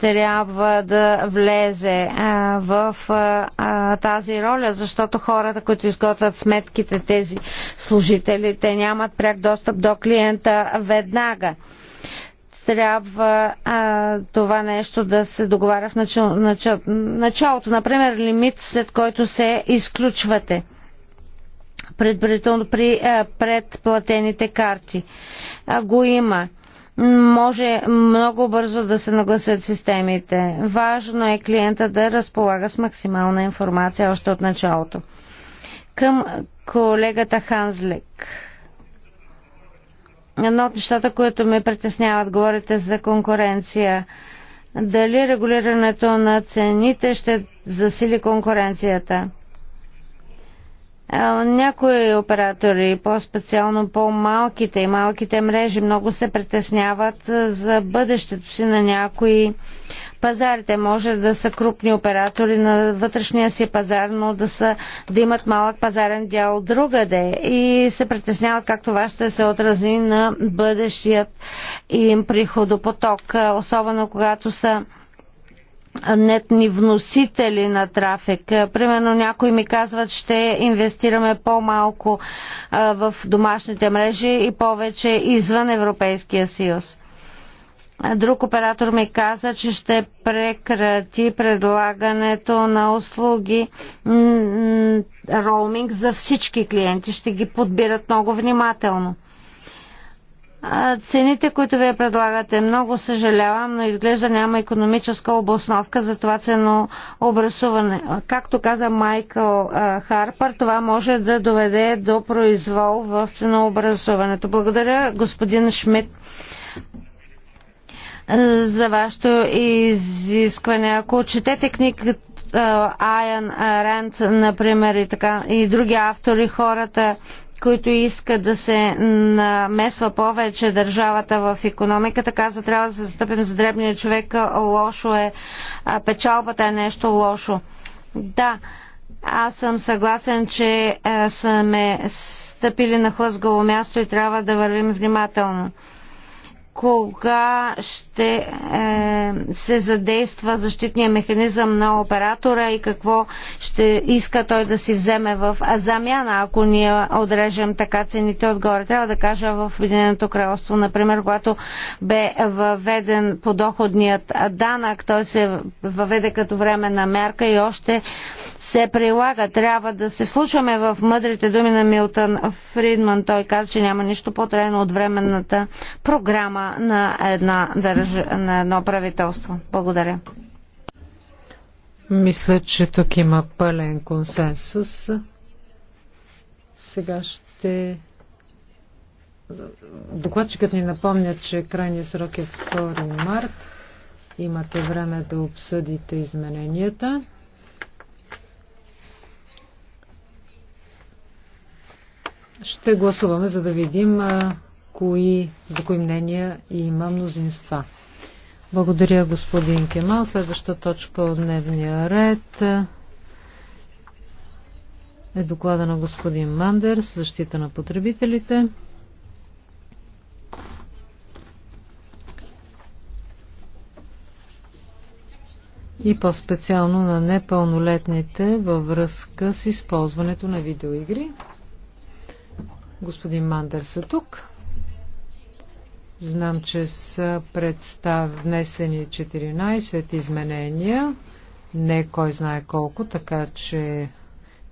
трябва да влезе в тази роля, защото хората, които изготвят сметките, тези служители, те нямат пряк достъп до клиента веднага трябва а, това нещо да се договаря в начало, начало, началото. Например, лимит, след който се изключвате предварително при а, предплатените карти. А, го има. Може много бързо да се нагласят системите. Важно е клиента да разполага с максимална информация още от началото. Към колегата Ханзлек едно от нещата, които ме притесняват. Говорите за конкуренция. Дали регулирането на цените ще засили конкуренцията? Някои оператори, по-специално по-малките и малките мрежи, много се притесняват за бъдещето си на някои пазарите. Може да са крупни оператори на вътрешния си пазар, но да, са, да имат малък пазарен дял другаде и се притесняват как това ще се отрази на бъдещият им приходопоток, особено когато са нетни вносители на трафик. Примерно някои ми казват, ще инвестираме по-малко в домашните мрежи и повече извън Европейския съюз. Друг оператор ми каза, че ще прекрати предлагането на услуги роуминг за всички клиенти. Ще ги подбират много внимателно цените, които вие предлагате. Много съжалявам, но изглежда няма економическа обосновка за това цено образуване. Както каза Майкъл Харпер, това може да доведе до произвол в ценообразуването. Благодаря, господин Шмидт за вашето изискване. Ако четете книги Айан Рент, например, и, така, и други автори, хората които иска да се намесва повече държавата в економиката, каза трябва да се застъпим за дребния човек, лошо е, печалбата е нещо лошо. Да, аз съм съгласен, че сме стъпили на хлъзгаво място и трябва да вървим внимателно кога ще е, се задейства защитния механизъм на оператора и какво ще иска той да си вземе в замяна, ако ние отрежем така цените отгоре. Трябва да кажа в Обединеното кралство, например, когато бе въведен подоходният данък, той се въведе като време на мярка и още се прилага. Трябва да се вслушаме в мъдрите думи на Милтън Фридман. Той каза, че няма нищо по-трайно от временната програма на, една държ... на едно правителство. Благодаря. Мисля, че тук има пълен консенсус. Сега ще. Докладчикът ни напомня, че крайният срок е 2 март. Имате време да обсъдите измененията. Ще гласуваме, за да видим кои, за кои мнения има мнозинства. Благодаря, господин Кемал. Следваща точка от дневния ред е доклада на господин Мандерс, защита на потребителите. и по-специално на непълнолетните във връзка с използването на видеоигри. Господин Мандерс е тук. Знам, че са представ... внесени 14 изменения, не кой знае колко, така че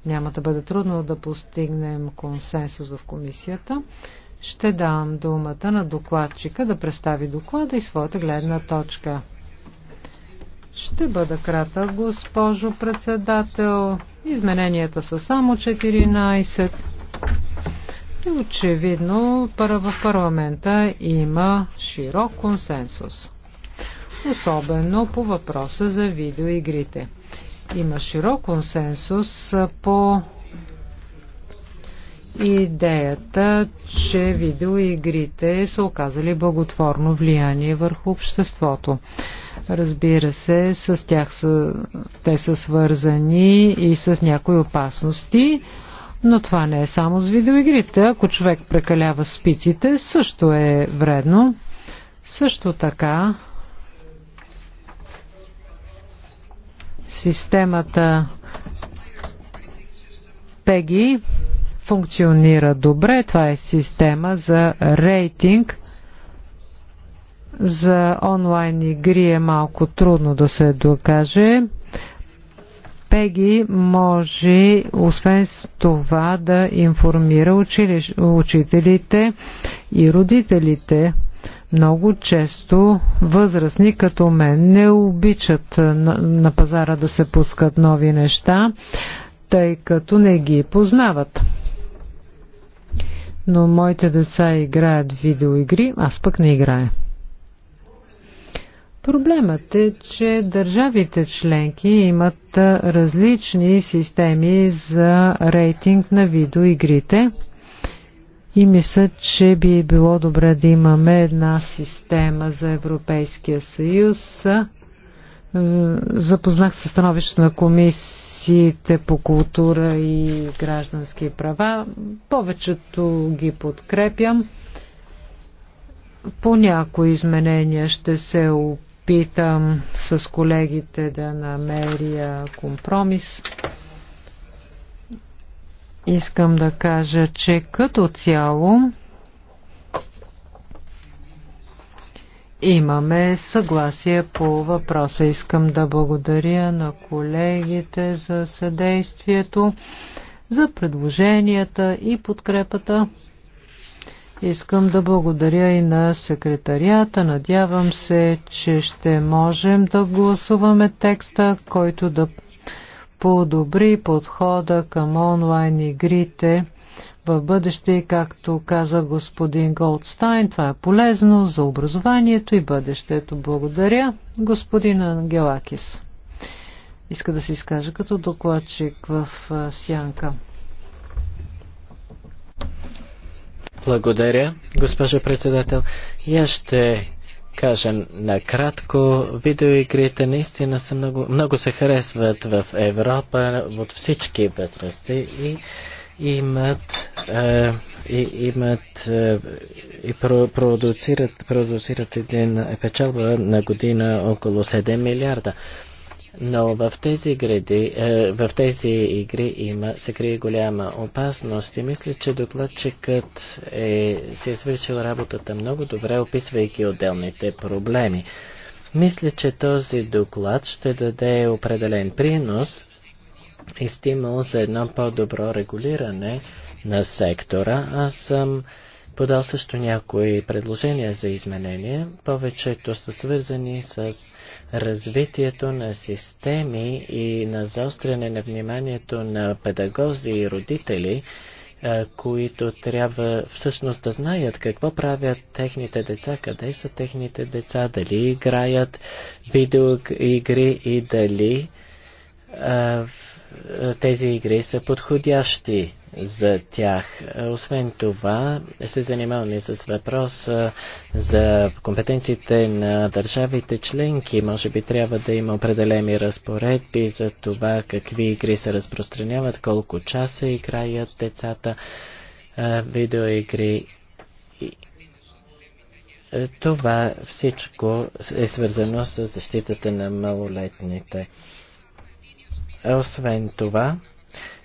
няма да бъде трудно да постигнем консенсус в комисията. Ще дам думата на докладчика да представи доклада и своята гледна точка. Ще бъда кратък, госпожо председател. Измененията са само 14. И очевидно в парламента има широк консенсус. Особено по въпроса за видеоигрите. Има широк консенсус по идеята, че видеоигрите са оказали благотворно влияние върху обществото. Разбира се, с тях са, те са свързани и с някои опасности но това не е само с видеоигрите. Ако човек прекалява спиците, също е вредно. Също така системата PEGI функционира добре. Това е система за рейтинг. За онлайн игри е малко трудно да се докаже. ПЕГИ може освен с това да информира училищ, учителите и родителите. Много често възрастни като мен не обичат на, на пазара да се пускат нови неща, тъй като не ги познават. Но моите деца играят видеоигри, аз пък не играя. Проблемът е, че държавите членки имат различни системи за рейтинг на видеоигрите и мисля, че би било добре да имаме една система за Европейския съюз. Е, запознах се становището на комисиите по култура и граждански права. Повечето ги подкрепям. По някои изменения ще се опитам опитам с колегите да намеря компромис. Искам да кажа, че като цяло имаме съгласие по въпроса. Искам да благодаря на колегите за съдействието, за предложенията и подкрепата. Искам да благодаря и на секретарията. Надявам се, че ще можем да гласуваме текста, който да подобри подхода към онлайн игрите в бъдеще, както каза господин Голдстайн. Това е полезно за образованието и бъдещето. Благодаря, господин Ангелакис. Иска да се изкаже като докладчик в Сянка. Благодаря, госпожо председател. Я ще кажа накратко. Видеоигрите наистина са много, много се харесват в Европа от всички възрасти и имат, е, и, имат е, и про, продуцират, продуцират един печалба на година около 7 милиарда. Но в тези, гради, е, в тези игри има, се крие голяма опасност и мисля, че докладчикът е, си е свършил работата много добре, описвайки отделните проблеми. Мисля, че този доклад ще даде определен принос и стимул за едно по-добро регулиране на сектора. Аз съм подал също някои предложения за изменения. Повечето са свързани с развитието на системи и на заостряне на вниманието на педагози и родители, които трябва всъщност да знаят какво правят техните деца, къде са техните деца, дали играят видеоигри и дали тези игри са подходящи за тях. Е, освен това, се занимаваме с въпрос за компетенциите на държавите членки. Може би трябва да има определени разпоредби за това какви игри се разпространяват, колко часа играят децата, е, видеоигри. Е, това всичко е свързано с защитата на малолетните. Освен това,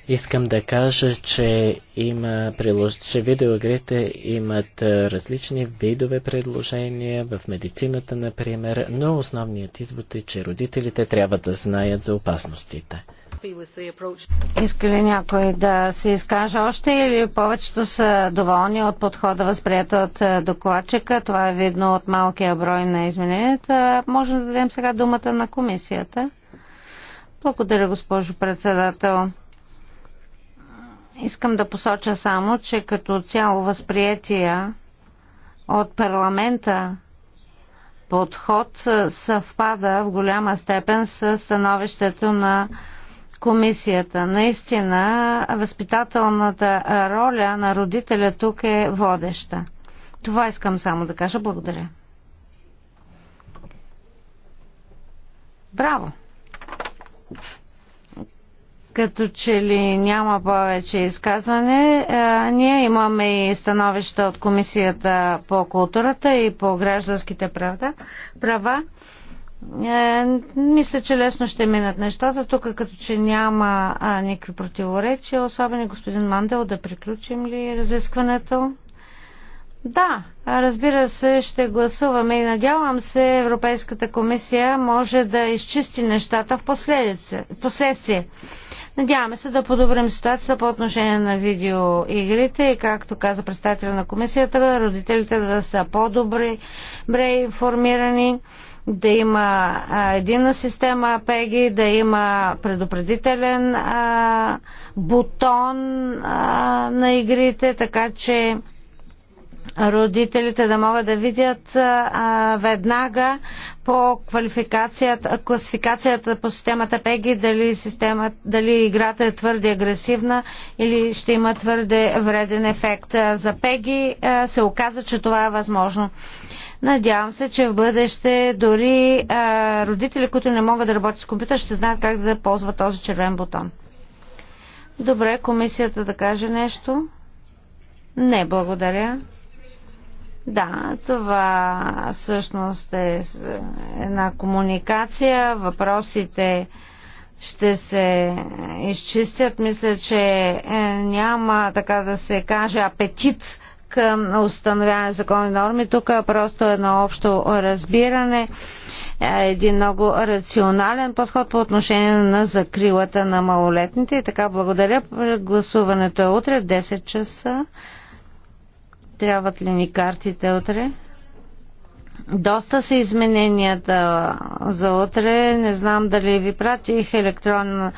Искам да кажа, че, има, че видеоигрите имат различни видове предложения в медицината, например, но основният извод е, че родителите трябва да знаят за опасностите. Иска ли някой да се изкаже още или повечето са доволни от подхода възприят от докладчика? Това е видно от малкия брой на измененията. Може да дадем сега думата на комисията. Благодаря, госпожо председател. Искам да посоча само, че като цяло възприятия от парламента подход съвпада в голяма степен с становището на комисията. Наистина, възпитателната роля на родителя тук е водеща. Това искам само да кажа. Благодаря. Браво! като че ли няма повече изказване. Ние имаме и становища от Комисията по културата и по гражданските правда, права. Е, мисля, че лесно ще минат нещата. Тук като че няма никакви противоречия, особено господин Мандел, да приключим ли разискването? Да, разбира се, ще гласуваме и надявам се Европейската комисия може да изчисти нещата в последствие. Надяваме се да подобрим ситуацията по отношение на видеоигрите и както каза представителя на комисията, родителите да са по-добри, бре информирани, да има едина система ПЕГИ, да има предупредителен а, бутон а, на игрите, така че родителите да могат да видят а, веднага по квалификацията, класификацията по системата ПЕГИ дали, система, дали играта е твърде агресивна или ще има твърде вреден ефект. За ПЕГИ а, се оказа, че това е възможно. Надявам се, че в бъдеще дори а, родители, които не могат да работят с компютър, ще знаят как да ползват този червен бутон. Добре, комисията да каже нещо. Не, благодаря. Да, това всъщност е, е една комуникация. Въпросите ще се изчистят. Мисля, че е, няма, така да се каже, апетит към установяване законни норми. Тук е просто едно общо разбиране, е, един много рационален подход по отношение на закрилата на малолетните. И така, благодаря. Гласуването е утре в 10 часа. Трябват ли ни картите утре? Доста са измененията за утре. Не знам дали ви пратих електронно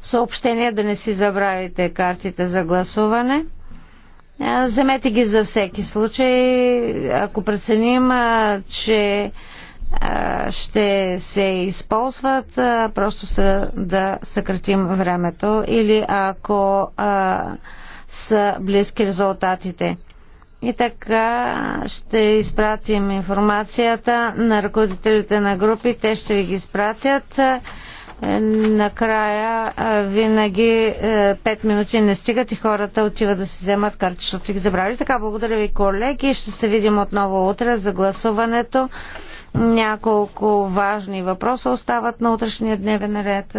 съобщение, да не си забравите картите за гласуване. Вземете ги за всеки случай. Ако преценим, че ще се използват, просто са да съкратим времето или ако са близки резултатите. И така ще изпратим информацията на ръководителите на групи, те ще ви ги изпратят. Е, накрая е, винаги 5 е, минути не стигат и хората отиват да си вземат карти, защото си ги забрали. Така, благодаря ви колеги, ще се видим отново утре за гласуването. Няколко важни въпроса остават на утрешния дневен ред.